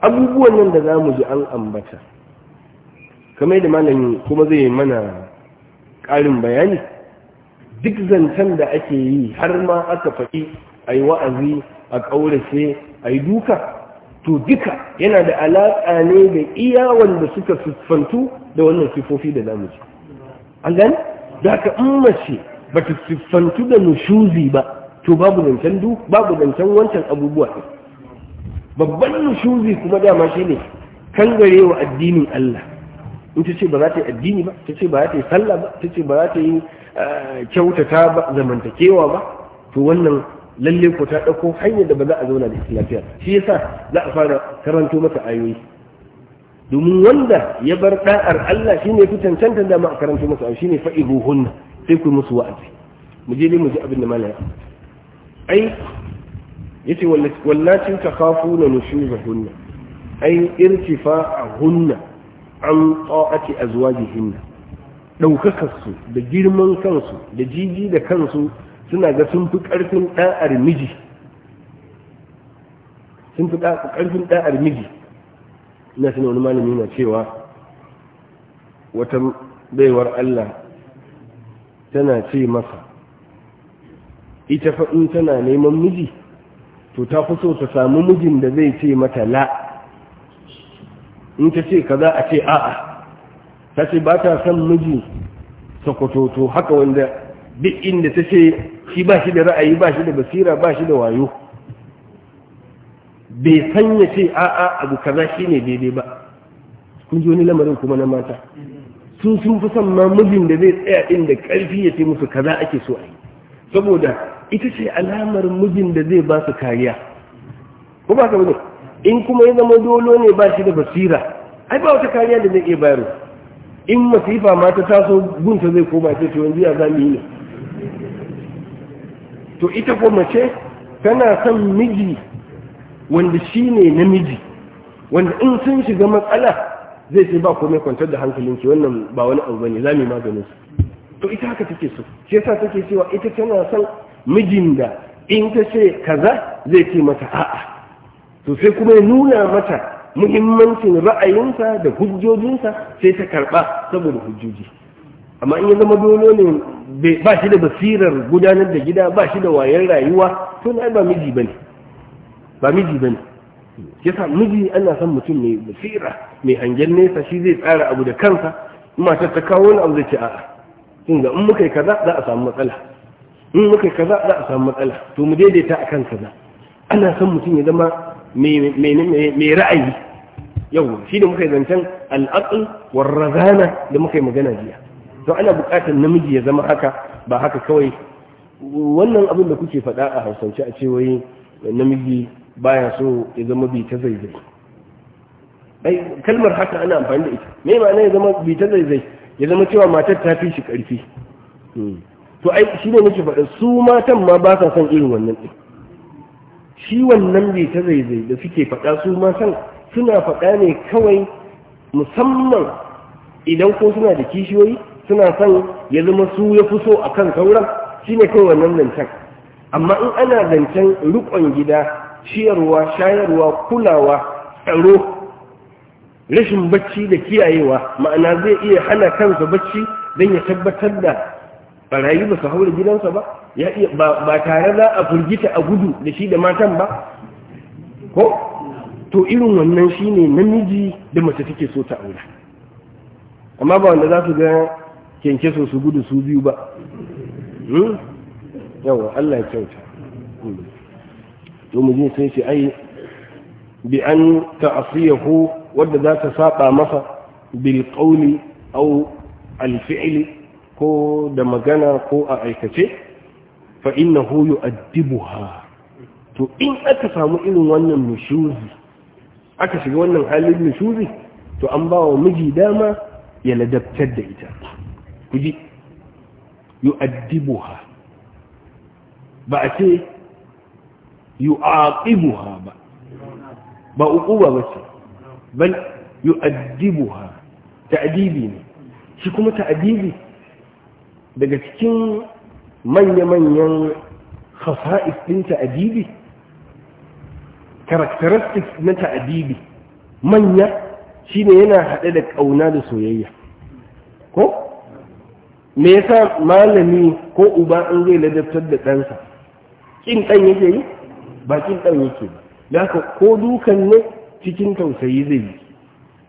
abubuwan nan da za mu ji an ambata kamar da malami kuma zai yi mana ƙarin bayani duk zancen da ake yi har ma aka faɗi a yi wa'azi a ƙaurace a yi duka to duka yana da alaƙa ne da iya wanda suka siffantu da wannan sifofi da zamu ji an gani da ka in mace ba ta siffantu da nushuzi ba to babu zancen du babu zancen wancan abubuwa babban nushuzi kuma dama shi ne kangarewa addinin Allah in ta ce ba za ta yi addini ba ta ce ba za ta yi sallah ba ta ce ba za ta yi eh, kyautata ba zamantakewa ba to wannan lalle ko ta ɗauko hanyar da ba za a zauna da lafiya shi yasa za a fara karanto masa ayoyi domin wanda ya bar da'ar Allah shine fi cancanta da ma a karanto masa ayoyi shine fa'ihuhunna sai ku musu wa'azi mu je ne mu ji abin da malaya ai yace wallahi ta khafuna nushuzahunna ai irtifa'ahunna an ta'ati azwajihinna daukakar su da girman kansu da jiji da kansu suna ga sun fi ƙarfin ɗa'ar miji sun fi ƙarfin ɗa'ar miji ina suna wani malami na cewa wata baiwar Allah tana ce masa ita faɗin tana neman miji to ta fi so ta samu mijin da zai ce mata la in ta ce za a ce a'a ta ce ba ta son miji sakwato to haka wanda duk inda ta ce shi ba shi da ra'ayi ba shi da basira ba shi da wayo bai sanya ce a'a abu kaza shi ne daidai ba kun ji wani lamarin kuma na mata sun sun fi son ma mijin da zai tsaya din da ƙarfi ya ce musu kaza ake so a yi saboda ita ce alamar mijin da zai ba su kariya ko ba ka bane in kuma ya zama dolo ne ba shi da basira ai ba wata kariya da zai iya bayarwa in masifa ma ta taso gunta zai koma ce to yanzu ya zamu yi ne to ita ko mace tana son miji wanda shi ne namiji wanda in sun shiga matsala zai ce ba komai kwantar da hankalinki wannan ba wani abu bane za mu yi maganin su to ita haka take so shi yasa take cewa ita tana son mijin da in ta ce kaza zai ce mata a'a to sai kuma ya nuna mata muhimmancin ra'ayinsa da hujjojinsa sai ta karba saboda hujjoji amma in ya zama dolo ne ba shi da basirar gudanar da gida ba shi da wayan rayuwa to na ba miji bane ba miji bane yasa miji ana son mutum mai basira mai hangen nesa shi zai tsara abu da kansa matar ta kawo wani abu zai ce a'a in ga in muka yi kaza za a samu matsala in muka yi kaza za a samu matsala to mu daidaita a kan kaza ana son mutum ya zama mai ra'ayi yau shi da muka yi zancen al'adun warra razana da muka yi magana jiya to ana buƙatar namiji ya zama haka ba haka kawai wannan abin da kuke faɗa a hausance a ce wai namiji baya so ya zama bi ta zaizai ai kalmar haka ana amfani da ita me ma'ana ya zama bi ta zaizai ya zama cewa matar ta fi shi ƙarfi hmm. to ai shi ne nake faɗa su matan ma ba sa son irin wannan ɗin shi wannan bi ta zaizai da suke faɗa su matan suna faɗa ne kawai musamman idan ko suna da kishiyoyi suna son ya zama su ya fi so a kan sauran shi ne kai wannan zancen amma in ana zancen rikon gida ciyarwa shayarwa kulawa tsaro rashin bacci da kiyayewa ma'ana zai iya hana kansa bacci don ya tabbatar da barayi ba su haura gidansa ba ba tare za a firgita a gudu da shi da matan ba ko to irin wannan shine namiji da mace take so ta aura amma ba wanda za su ga kyankyaso su gudu su biyu ba hmm? yawa Allah ya kyauta Domin hmm. mu sai ce ai bi an ta'asiyahu wadda za ta saba masa bil qawli aw al ko da magana ko a aikace fa innahu yu'addibuha to in aka samu irin wannan nushuzi aka shiga wannan halin nushuzi to an ba wa miji dama ya ladabtar da ita ku ji ha ba a ce ha ba ba uquba ba ce bal yu'addibuha ta'dibi ne shi kuma ta'dibi daga cikin manya-manyan khasa'is din ta'dibi characteristics na ta'dibi manya shine yana haɗe da ƙauna da soyayya ko me yasa malami ko uba an zai ladabtar da ɗansa ƙin ɗan yake yi ba kin ɗan yake ba da haka ko dukan ne cikin tausayi zai yi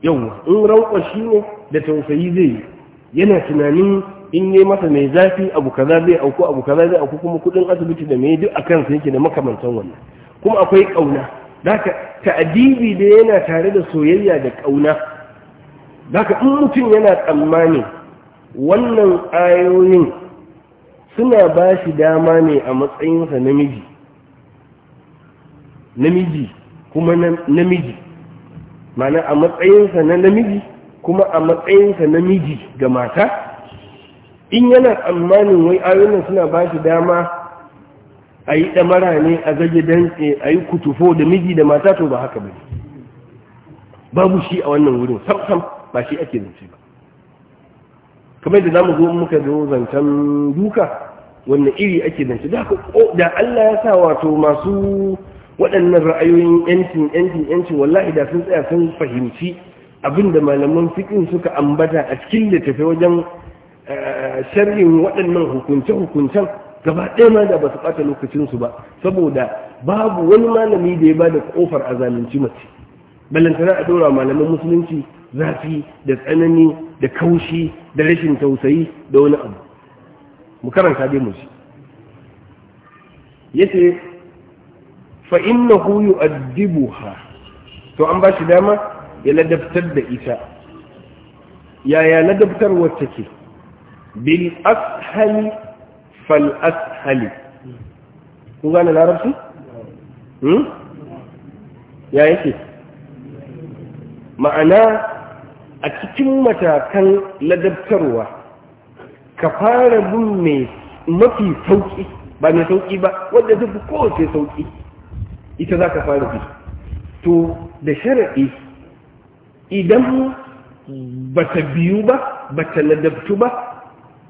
yawwa in rauƙa shi ne da tausayi zai yi yana tunanin in yi masa mai zafi abu kaza zai auku abu kaza zai auku kuma kuɗin asibiti da mai duk a kansa yake da makamantan wannan kuma akwai ƙauna da ta'adibi da yana tare da soyayya da ƙauna da in mutum yana tsammani wannan ayoyin suna ba shi dama ne a matsayinsa namiji namiji kuma namiji mana a matsayinsa na namiji kuma a matsayinsa namiji ga mata in yana tsammanin wai ayoyin suna ba shi dama a yi ɗamara ne a zage dantse a yi kutufo da miji da mata to ba haka ba babu shi a wannan wurin sam-sam ba shi ake zance ba kamar da zamu zo muka zo zancen duka wannan iri ake zance da da Allah ya sa wato masu waɗannan ra'ayoyin yancin yancin yancin wallahi da sun tsaya sun fahimci abinda malaman fikin suka ambata a cikin littafi wajen eh, sharhin waɗannan hukunce-hukuncen gaba ɗaya ma da ba su ɓata lokacinsu ba saboda babu wani malami da ya ba da kofar a zalunci mace balantana a ɗora malaman musulunci zafi da tsanani da kaushi da rashin tausayi da wani abu mu karanta dai mu shi yace fa innahu yu'addibuha to an ba shi dama ya ladabtar da ita yaya wacce ke? bil ashal fal ashali Ku gane larabci hmm? ya yake ma'ana a cikin matakan ladabtarwa ka fara bin mai mafi sauƙi ba mai sauƙi ba wadda ta fi kowace sauƙi ita za ka fara bi to da sharaɗi idan ba ta biyu ba ba ta ladabtu ba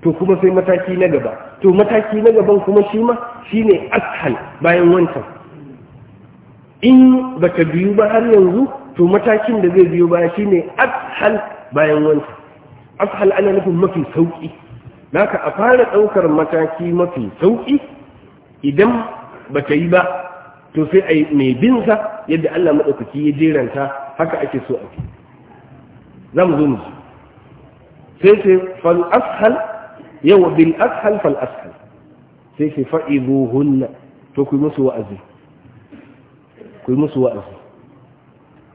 to kuma sai mataki na gaba to mataki na gaban kuma shi ma shi ne bayan wancan in ba ta biyu ba har yanzu to matakin da zai biyo baya shine ashal bayan wanta ashal ana nufin mafi sauki naka a fara daukar mataki mafi sauki idan ba ta yi ba to sai a mai binsa yadda Allah madaukaki ya jeranta haka ake so ake za mu zo mu sai sai fal ashal yau bil ashal fal ashal sai sai fa'iduhunna to ku musu wa'azi ku musu wa'azi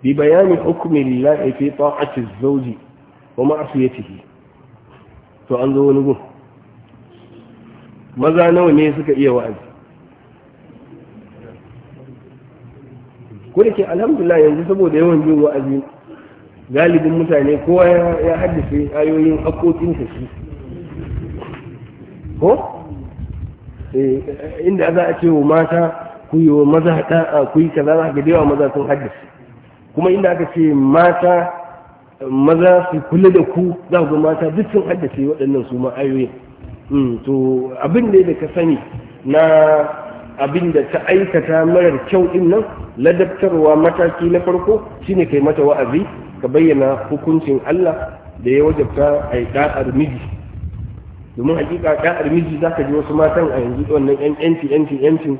ببيان حكم الله في طاعة الزوج ومعصيته فأنظر ونقول ماذا نوى نيسك إيا وعد كل شيء الحمد لله ينزل da yawan jin wa'azi galibin mutane kowa ya haddace ayoyin haƙoƙin shi ko inda za a ce wa mata ku yi wa maza ɗa'a ku yi za ka da yawa maza sun haddace kuma inda aka ce mata maza su kula da ku za ku mata duk sun haddace waɗannan su ma'ayoyin hmm, to abin da ka sani na abin da ta aikata marar kyau din nan ladabtarwa mataki na farko shine kai mata wa'azi ka bayyana hukuncin Allah da ya wajabta a ɗa'ar miji domin hakika ɗa'ar miji ka ji wasu matan a yanzu wannan yan yanci yanci yanci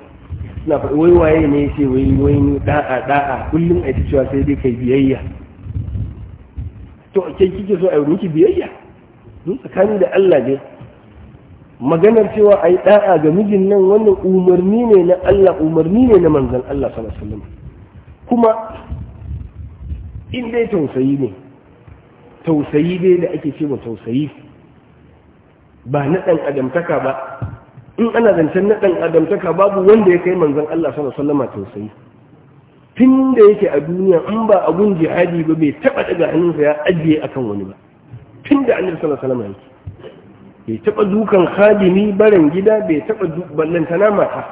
suna faɗi wai waye ne ya ce wai wai da'a da'a kullum a ta cewa sai dai kai biyayya to ke kike so a yi miki biyayya mun tsakani da Allah ne maganar cewa ayi da'a ga mijin nan wannan umarni ne na Allah umarni ne na manzon Allah sallallahu alaihi kuma in dai tausayi ne tausayi dai da ake cewa tausayi ba na ɗan adamtaka ba in ana zancen na ɗan adamtaka babu wanda ya kai manzon Allah sallallahu alaihi wasallama tausayi tun da yake a duniya in ba abun jihadi ba bai taɓa daga hannunsa ya ajiye akan wani ba tun da annabi sallallahu alaihi wasallama bai taɓa dukan khadimi barin gida bai taɓa ballantana mata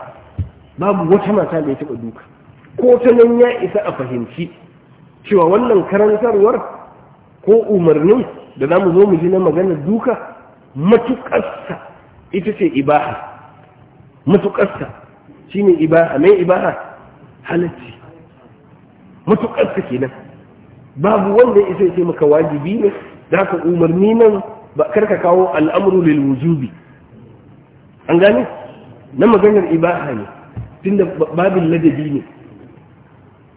babu wata mata bai taɓa duka ko ta nan ya isa a fahimci cewa wannan karantarwar ko umarnin da za mu zo mu ji na magana duka matuƙarsa ita ce ibaha mutuƙarsa shi ne ibaha mai ibaha halacci ke kenan babu wanda isa ya ce maka wajibi ne za ka umarni nan ba karka kawo al'amuru lil wujubi an gane na maganar ibaha ne tun da babin ladabi ne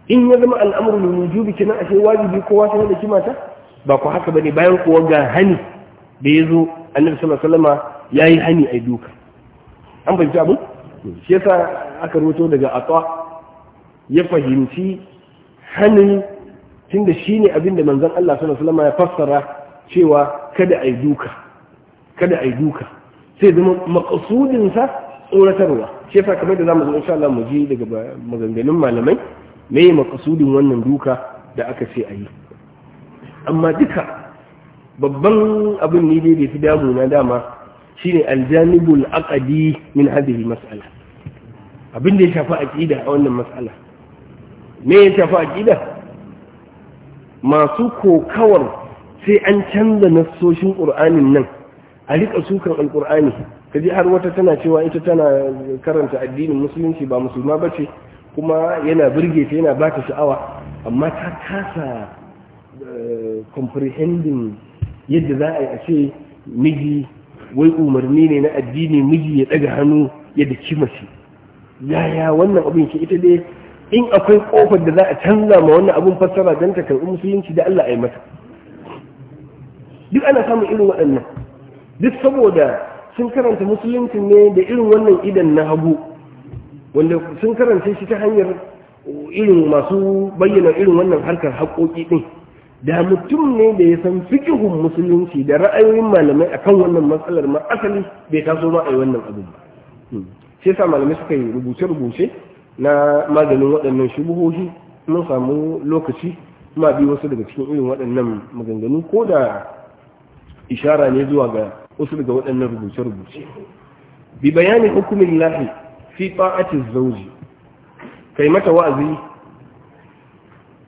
in ya zama al'amuru lil wujubi kenan ashe wajibi kowa sanar da kimata ba ku haka ba ne bayan kuwa ga hani da ya zo annabi sallallahu alaihi wasallama yayi hani ai duka an fahimci abu shi yasa aka rubuto daga atwa ya fahimci hannun shi ne abin da manzan Allah suna sulama ya fassara cewa kada a yi duka kada a yi duka sai zama makasudinsa sa tsoratarwa shi yasa kamar da zamu zo insha Allah mu ji daga maganganun malamai me makasudin wannan duka da aka ce a yi? amma duka babban abin ne dai bai fi damu na dama shine aljanibul akadi min hadhihi mas'ala abin da ya shafi aqida a wannan mas'ala me ya shafi aqida masu kokawar sai an canza nassoshin qur'anin nan a rika sukan alqur'ani kaji har wata tana cewa ita tana karanta addinin musulunci ba musulma bace kuma yana birge ta yana bata sha'awa amma ta kasa eh, comprehending yadda za a yi a ce miji wai umarni ne na addini miji ya daga hannu ya daki mace yaya wannan abin ke ita dai in akwai kofar da za a canza ma wannan abin fassara don ta karɓi musulunci da Allah ai mata duk ana samun irin waɗannan duk saboda sun karanta musulunci ne da irin wannan idan na hagu wanda sun karanta shi ta hanyar irin masu bayyana irin wannan harkar haƙoƙi ɗin da mutum ne da ya san fikihun musulunci da ra'ayoyin malamai a kan wannan matsalar ma asali bai taso ma a yi wannan abin ba hmm. shi sa malamai suka yi rubuce-rubuce na maganin waɗannan shubuhohi mun samu lokaci ma bi wasu daga cikin irin waɗannan maganganu ko da ishara ne zuwa ga wasu daga waɗannan rubuce-rubuce bi bayanin hukumin lahi fi ta'ati zauji kai mata wa'azi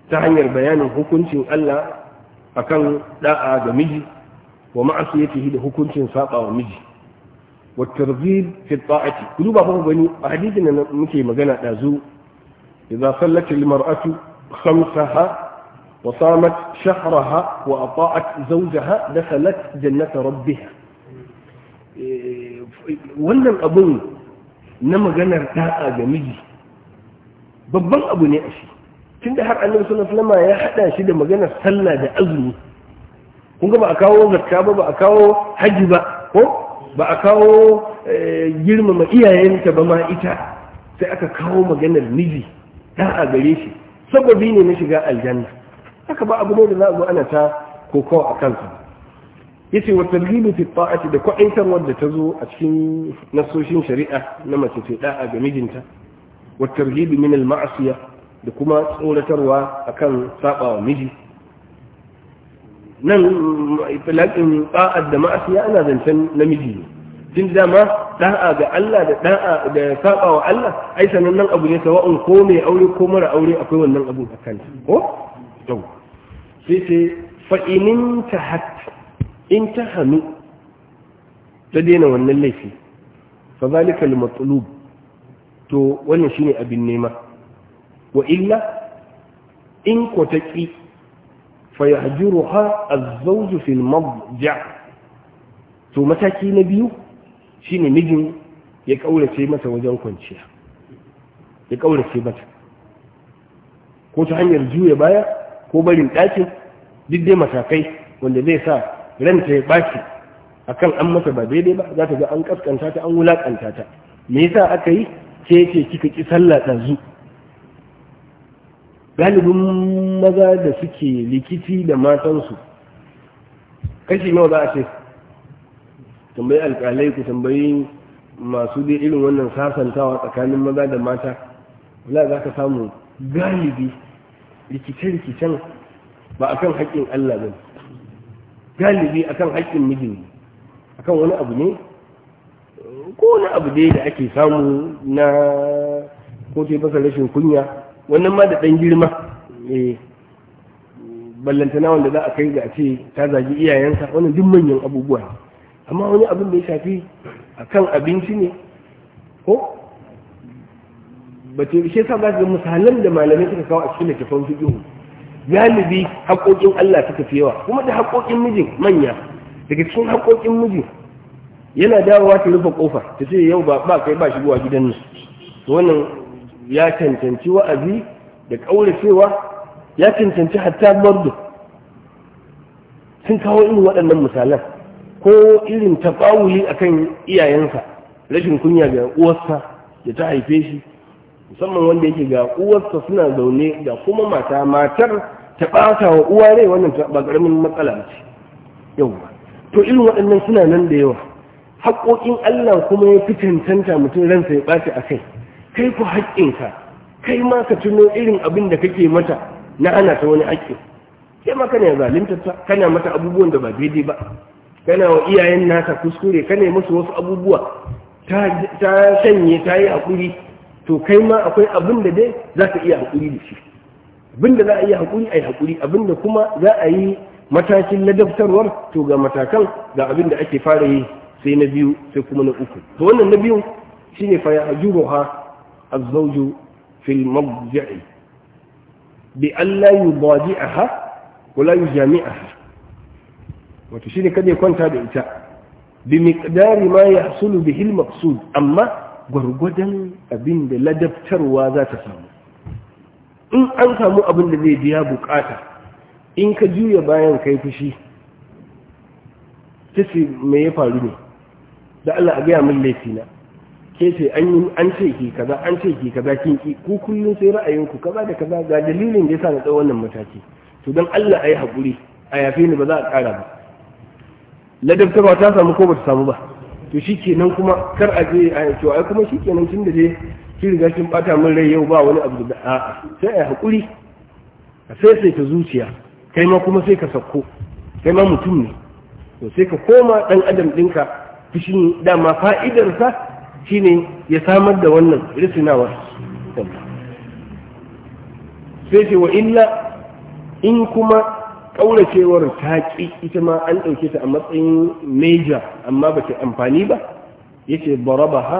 ta hanyar bayanin hukuncin Allah akan da'a ga miji wa ma'asiyatihi da hukuncin saɓa wa miji wa tarzir fi ta'ati ku duba gani a hadisin da muke magana dazu idza sallat al mar'atu khamsaha wa samat shahraha wa ata'at zawjaha dakhalat jannata rabbiha wannan abun na maganar da'a ga miji babban abu ne a shi tunda har annabi sallallahu alaihi wasallam ya hada shi da maganar sallah da azumi kun ga ba a kawo zakka ba ba a kawo haji ba ko ba a kawo eh, girmama iyayenta ba ma ita sai aka kawo maganar miji dan a gare shi sababi ne na shiga aljanna haka ba abu ne da za a zo ana ta kokawa a kansa yace wa targhibu fi ta'ati da kwaitar wanda ta zo a cikin nasoshin shari'a na mace ce da'a ga mijinta wa targhibu min al-ma'siyah da kuma tsoratarwa a akan saɓawa miji nan filakin ba'ad da ma'asiya ana zancen namiji ne tun dama da'a ga Allah da da'a da saba Allah ai sanan nan abu ne sawa'un ko mai aure ko mara aure akwai wannan abu a kan ko yau sai ce fa'inin ta in ta hannu ta daina wannan laifi fa zalika al-matlub to wannan shine abin nema wa illa in ko ta ha fayahjuruha az madja to mataki na biyu shine mijin ya kaurace masa wajen kwanciya ya kaurace mata ko ta hanyar juya baya ko barin ɗakin duk dai matakai wanda zai sa ranta ya baki akan an masa ba daidai ba za ta ga an kaskanta ta an wulaƙanta ta me yasa aka yi sai ce kika ki sallah ɗazu galibin maza da suke likiti da matansu kashi nawa za a ce tambayi alkalai ku tambayi masu dai irin wannan sasantawa tsakanin maza da mata wala za ka samu galibi rikice-rikicen ba a kan haƙƙin Allah ba galibi a kan haƙƙin mijin a kan wani abu ne ko wani abu dai da ake samu na ko ce rashin kunya wannan ma da ɗan girma eh. ballantana wanda za a kai ga a ce ta zagi iyayensa wannan duk manyan abubuwa amma wani abin da ya shafi a kan abinci ne ko ba ta yi sa ba ga misalan da malamai suka kawo a cikin littafin fiƙihu galibi haƙoƙin Allah suka fi yawa kuma da haƙoƙin mijin manya daga cikin haƙoƙin mijin yana dawowa ta rufe ƙofa ta ce yau ba kai ba shigowa gidan nan wannan ya cancanci wa'azi da ƙaure cewa ya cancanci hatta mardu. sun kawo irin waɗannan misalan ko irin a akan iyayensa rashin kunya ga uwarsa da ta haife shi musamman wanda yake ga uwarsa suna zaune da kuma mata matar ta ɓata wa uwa rai wannan ba ƙaramin matsala ce yauwa to irin waɗannan suna nan da yawa haƙoƙin Allah kuma ya fi cancanta mutum ransa ya ɓace a kai kai ku haƙƙinka kai ma ka tuno irin abin da kake mata na ana ta wani haƙƙi kai ma kana zalunta ta kana mata abubuwan da ba daidai ba kana wa iyayen naka kuskure kana musu wasu abubuwa ta sanye ta yi hakuri to kai ma akwai abin da dai za ka iya hakuri da shi abin da za a iya hakuri a yi hakuri abin da kuma za a yi matakin ladabtarwar to ga matakan ga abin da ake fara yi sai na biyu sai kuma na uku to wannan na biyu shine fa ya ajuruha الزوج في المضجع بألا يضاجعها ولا يجامعها وتشيني كده يكون تابع بمقدار ما يحصل به المقصود أما gwargwadon abin da ladabtarwa za ta samu in an samu abin da zai biya bukata in ka juya bayan kai fushi ta ce ya faru ne da a gaya min laifi na. ke ce an ce ki kaza an ce ki kaza kin ki ku kullun sai ra'ayinku kaza da kaza ga dalilin da yasa na tsawon wannan mataki to dan Allah ayi hakuri a yafe ni ba za a kara ba ladabtarwa ta samu ko ba ta samu ba to shikenan kuma kar a je a to ai kuma shikenan tunda da dai kin riga kin bata min rai yau ba wani abu da a'a sai ayi hakuri a sai sai ta zuciya kai ma kuma sai ka sakko kai ma mutum ne to sai ka koma dan adam dinka fishin dama fa'idarsa shine ya samar da wannan risinawar sai ce wa illa in kuma ƙauracewar taƙi ita ma an ɗauke ta a matsayin major amma ba ta amfani ba ya ce baraba ha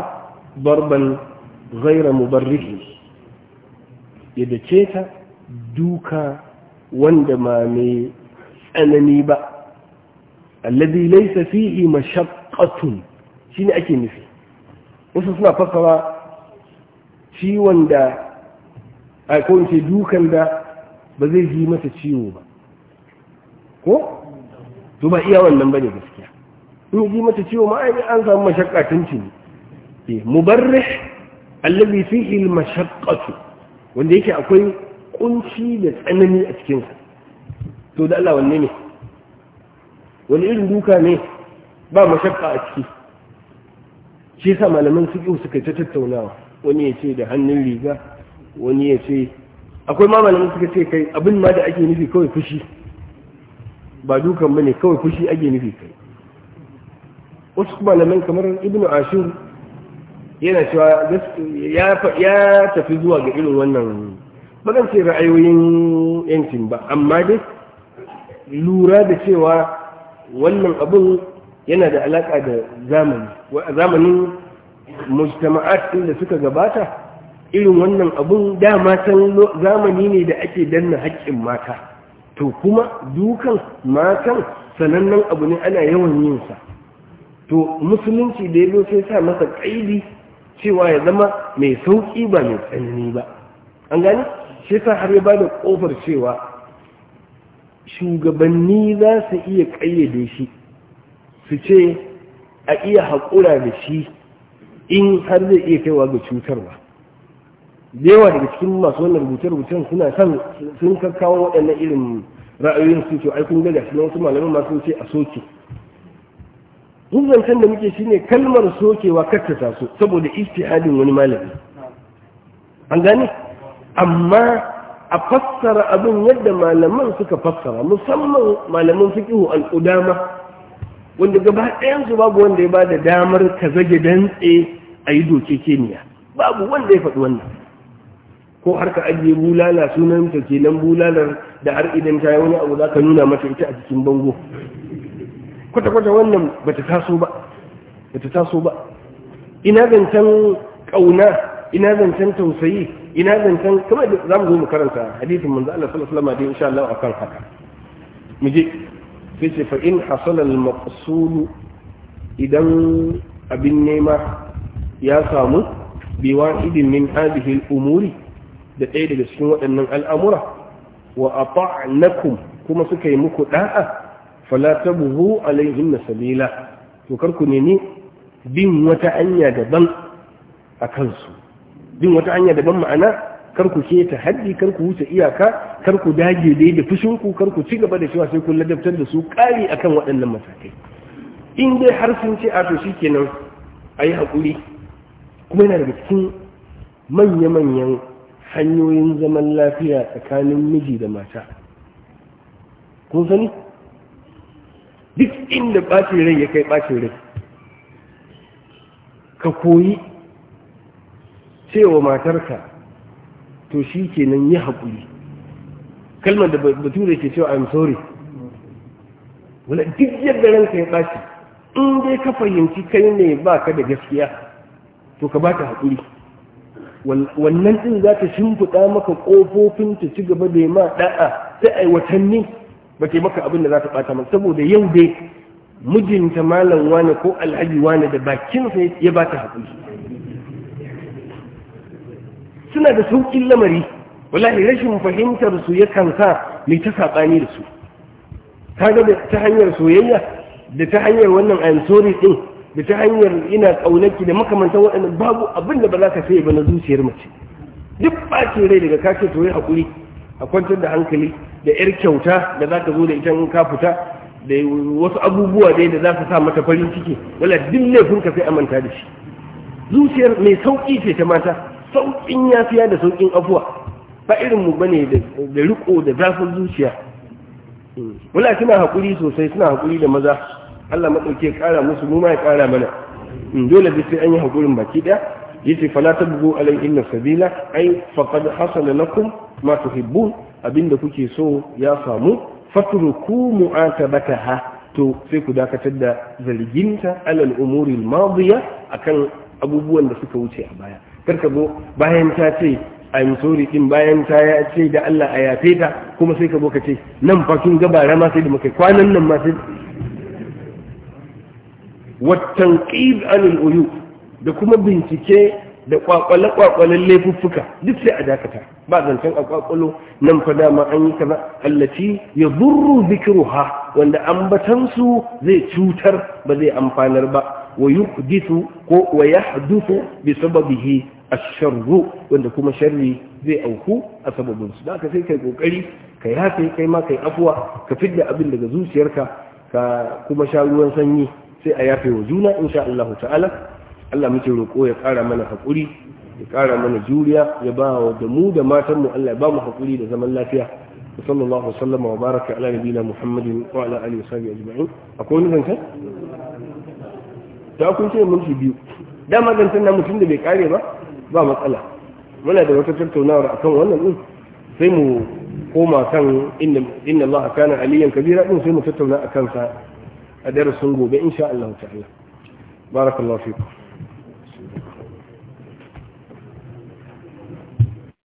barban zaira mubarrihi ya dace ta duka wanda ma mai tsanani ba alladhi laysa fihi mashaqqatun shine ake nufi wasu suna fassara ciwon da a ce dukan da ba zai ji masa ciwo ba ko to ba iya wannan ba bane gaskiya in ji mata ciwo ma an samu mashakka tunci ne eh, mubarrih allazi fihi almashaqqatu wanda yake akwai kunci da tsanani a cikin sa to da Allah wanne ne wani irin duka ne ba mashakka a ciki shi sa malaman fiƙi suka ta tattaunawa wani ya ce da hannun riga wani ya ce akwai ma malaman suka ce kai abin ma da ake nufi kawai fushi ba dukan bane kawai fushi ake nufi kai wasu malaman kamar Ibn ashir yana cewa ya tafi zuwa ga irin wannan bazan ce ra'ayoyin yancin ba amma dai lura da cewa wannan abin yana da alaƙa da zamani a zamanin mujtama'at da suka gabata irin wannan abun dama san zamani ne da ake danna haƙƙin mata to kuma dukan matan sanannen abu ne ana yawan yin sa to musulunci da ya sai sa masa ƙaidi cewa ya zama mai sauƙi ba mai tsanani ba an gane shi sa har ya ba da ƙofar cewa shugabanni za su iya ƙayyade shi su ce a iya haƙura da shi in har zai iya kaiwa ga cutarwa da yawa daga cikin masu wannan rubuce-rubucen suna san sun kakkawo waɗannan irin ra'ayoyin su ce aikun kun ga wasu malamin masu ce a soke mun da muke shine kalmar sokewa kattata su saboda istihadin wani malami an gane amma a fassara abin yadda malaman suka fassara musamman malaman fikihu al'udama wanda gaba ɗayansu babu wanda ya ba da damar ka zage dantse a yi doke keniya babu wanda ya faɗi wannan ko har ka ajiye bulala sunan ta kenan bulalar da har idan ta yi wani abu za ka nuna mata ita a cikin bango kwata-kwata wannan ba ta taso ba ba ta taso ba ina zancen ƙauna ina zancen tausayi ina zancen kamar da za mu zo mu karanta hadisin manzo Allah sallallahu alaihi wasallam da insha Allah akan haka mu je sai ce fa in hasala idan abin nema ya samu biwa wahidin min umuri da ɗaya daga cikin waɗannan al'amura wa ata'nakum kuma suka yi muku da'a fala tabghu na sabila to karku ne ni bin wata hanya daban a kansu bin wata hanya daban ma'ana kar ku ta haddi kar ku wuce iyaka kar ku dage dai da fushinku kar ku ci gaba da cewa sai kun ladabtar da su kari akan waɗannan matakai in dai har sun ce a to shikenan ayi hakuri kuma yana daga cikin manya-manyan hanyoyin zaman lafiya tsakanin miji da mata kun sani duk inda ɓacin rai ya kai ɓacin rai ka koyi cewa matarka to shi kenan yi haƙuri kalmar da bature ke cewa i'm sorry wala duk yadda ranka ya ɓaci in dai ka fahimci kai ne ba ka da gaskiya to ka ba ta haƙuri wannan ɗin za ta shimfiɗa maka ƙofofin ta ci gaba da ma ɗa'a sai ai watanni ba ta maka abin da za ta ɓata maka saboda yau dai mijinta malam wane ko alhaji wane da bakinsa ya bata ta haƙuri suna da saukin lamari wallahi rashin fahimtar su ya sa mai ta saɓani da su kaga da ta hanyar soyayya da ta hanyar wannan i'm sorry din da ta hanyar ina kaunaki da makamantan waɗannan babu abin da ba za ka sai ba na zuciyar mace duk ce rai daga kashe to yi haƙuri a kwantar da hankali da yar kyauta da za ka zo da ita in ka fita da wasu abubuwa dai da za ka sa mata farin ciki wala duk laifin ka sai amanta da shi zuciyar mai sauƙi ce ta mata saukin yafiya da saukin afuwa ba irin mu bane da riko da zafin zuciya hmm. wala suna haƙuri sosai suna haƙuri da maza Allah maɗauke ƙara musu mu ma ya ƙara mana hmm, dole da sai an yi haƙurin baki ɗaya yace fala tabgu inna sabila ai faqad hasala lakum ma tuhibbun abinda kuke so ya samu fatruku mu'atabataha to sai ku dakatar da zarginta alal umuri al-madiya akan abubuwan da suka wuce a baya karka zo bayan ta ce I'm sorry din bayan ta ya ce da Allah a yafe ta kuma sai ka zo ka ce nan fa kin ga bara ma sai da muke. kwanan nan ma sai wa tanqid anil uyu da kuma bincike da kwakwale kwakwalen laifuffuka duk sai a dakata ba zancen a kwakwalo nan fa dama an yi kaza allati yadurru zikruha wanda ambatan su zai cutar ba zai amfanar ba wa yuhdithu ko wa yahduthu bi sababihi asharru wanda kuma sharri zai auku a sababin su ka sai kai kokari ka yafe kai ma kai afuwa ka fidda abin daga zuciyarka ka kuma sha ruwan sanyi sai a yafe wa juna insha Allah ta'ala Allah muke roko ya ƙara mana haƙuri ya ƙara mana juriya ya ba wa da mu da matan mu Allah ya ba mu haƙuri da zaman lafiya صلى الله وسلم وبارك على نبينا محمد وعلى اله وصحبه اجمعين akwai wani zancen? ta kun ce mulki biyu dama zancen na mutum da bai kare ba ba matsala muna da wata tattaunawar akan wannan din sai mu koma kan inna Allah kana aliyan kabira din sai mu tattauna akan sa a darasin gobe insha Allah ta'ala barakallahu fikum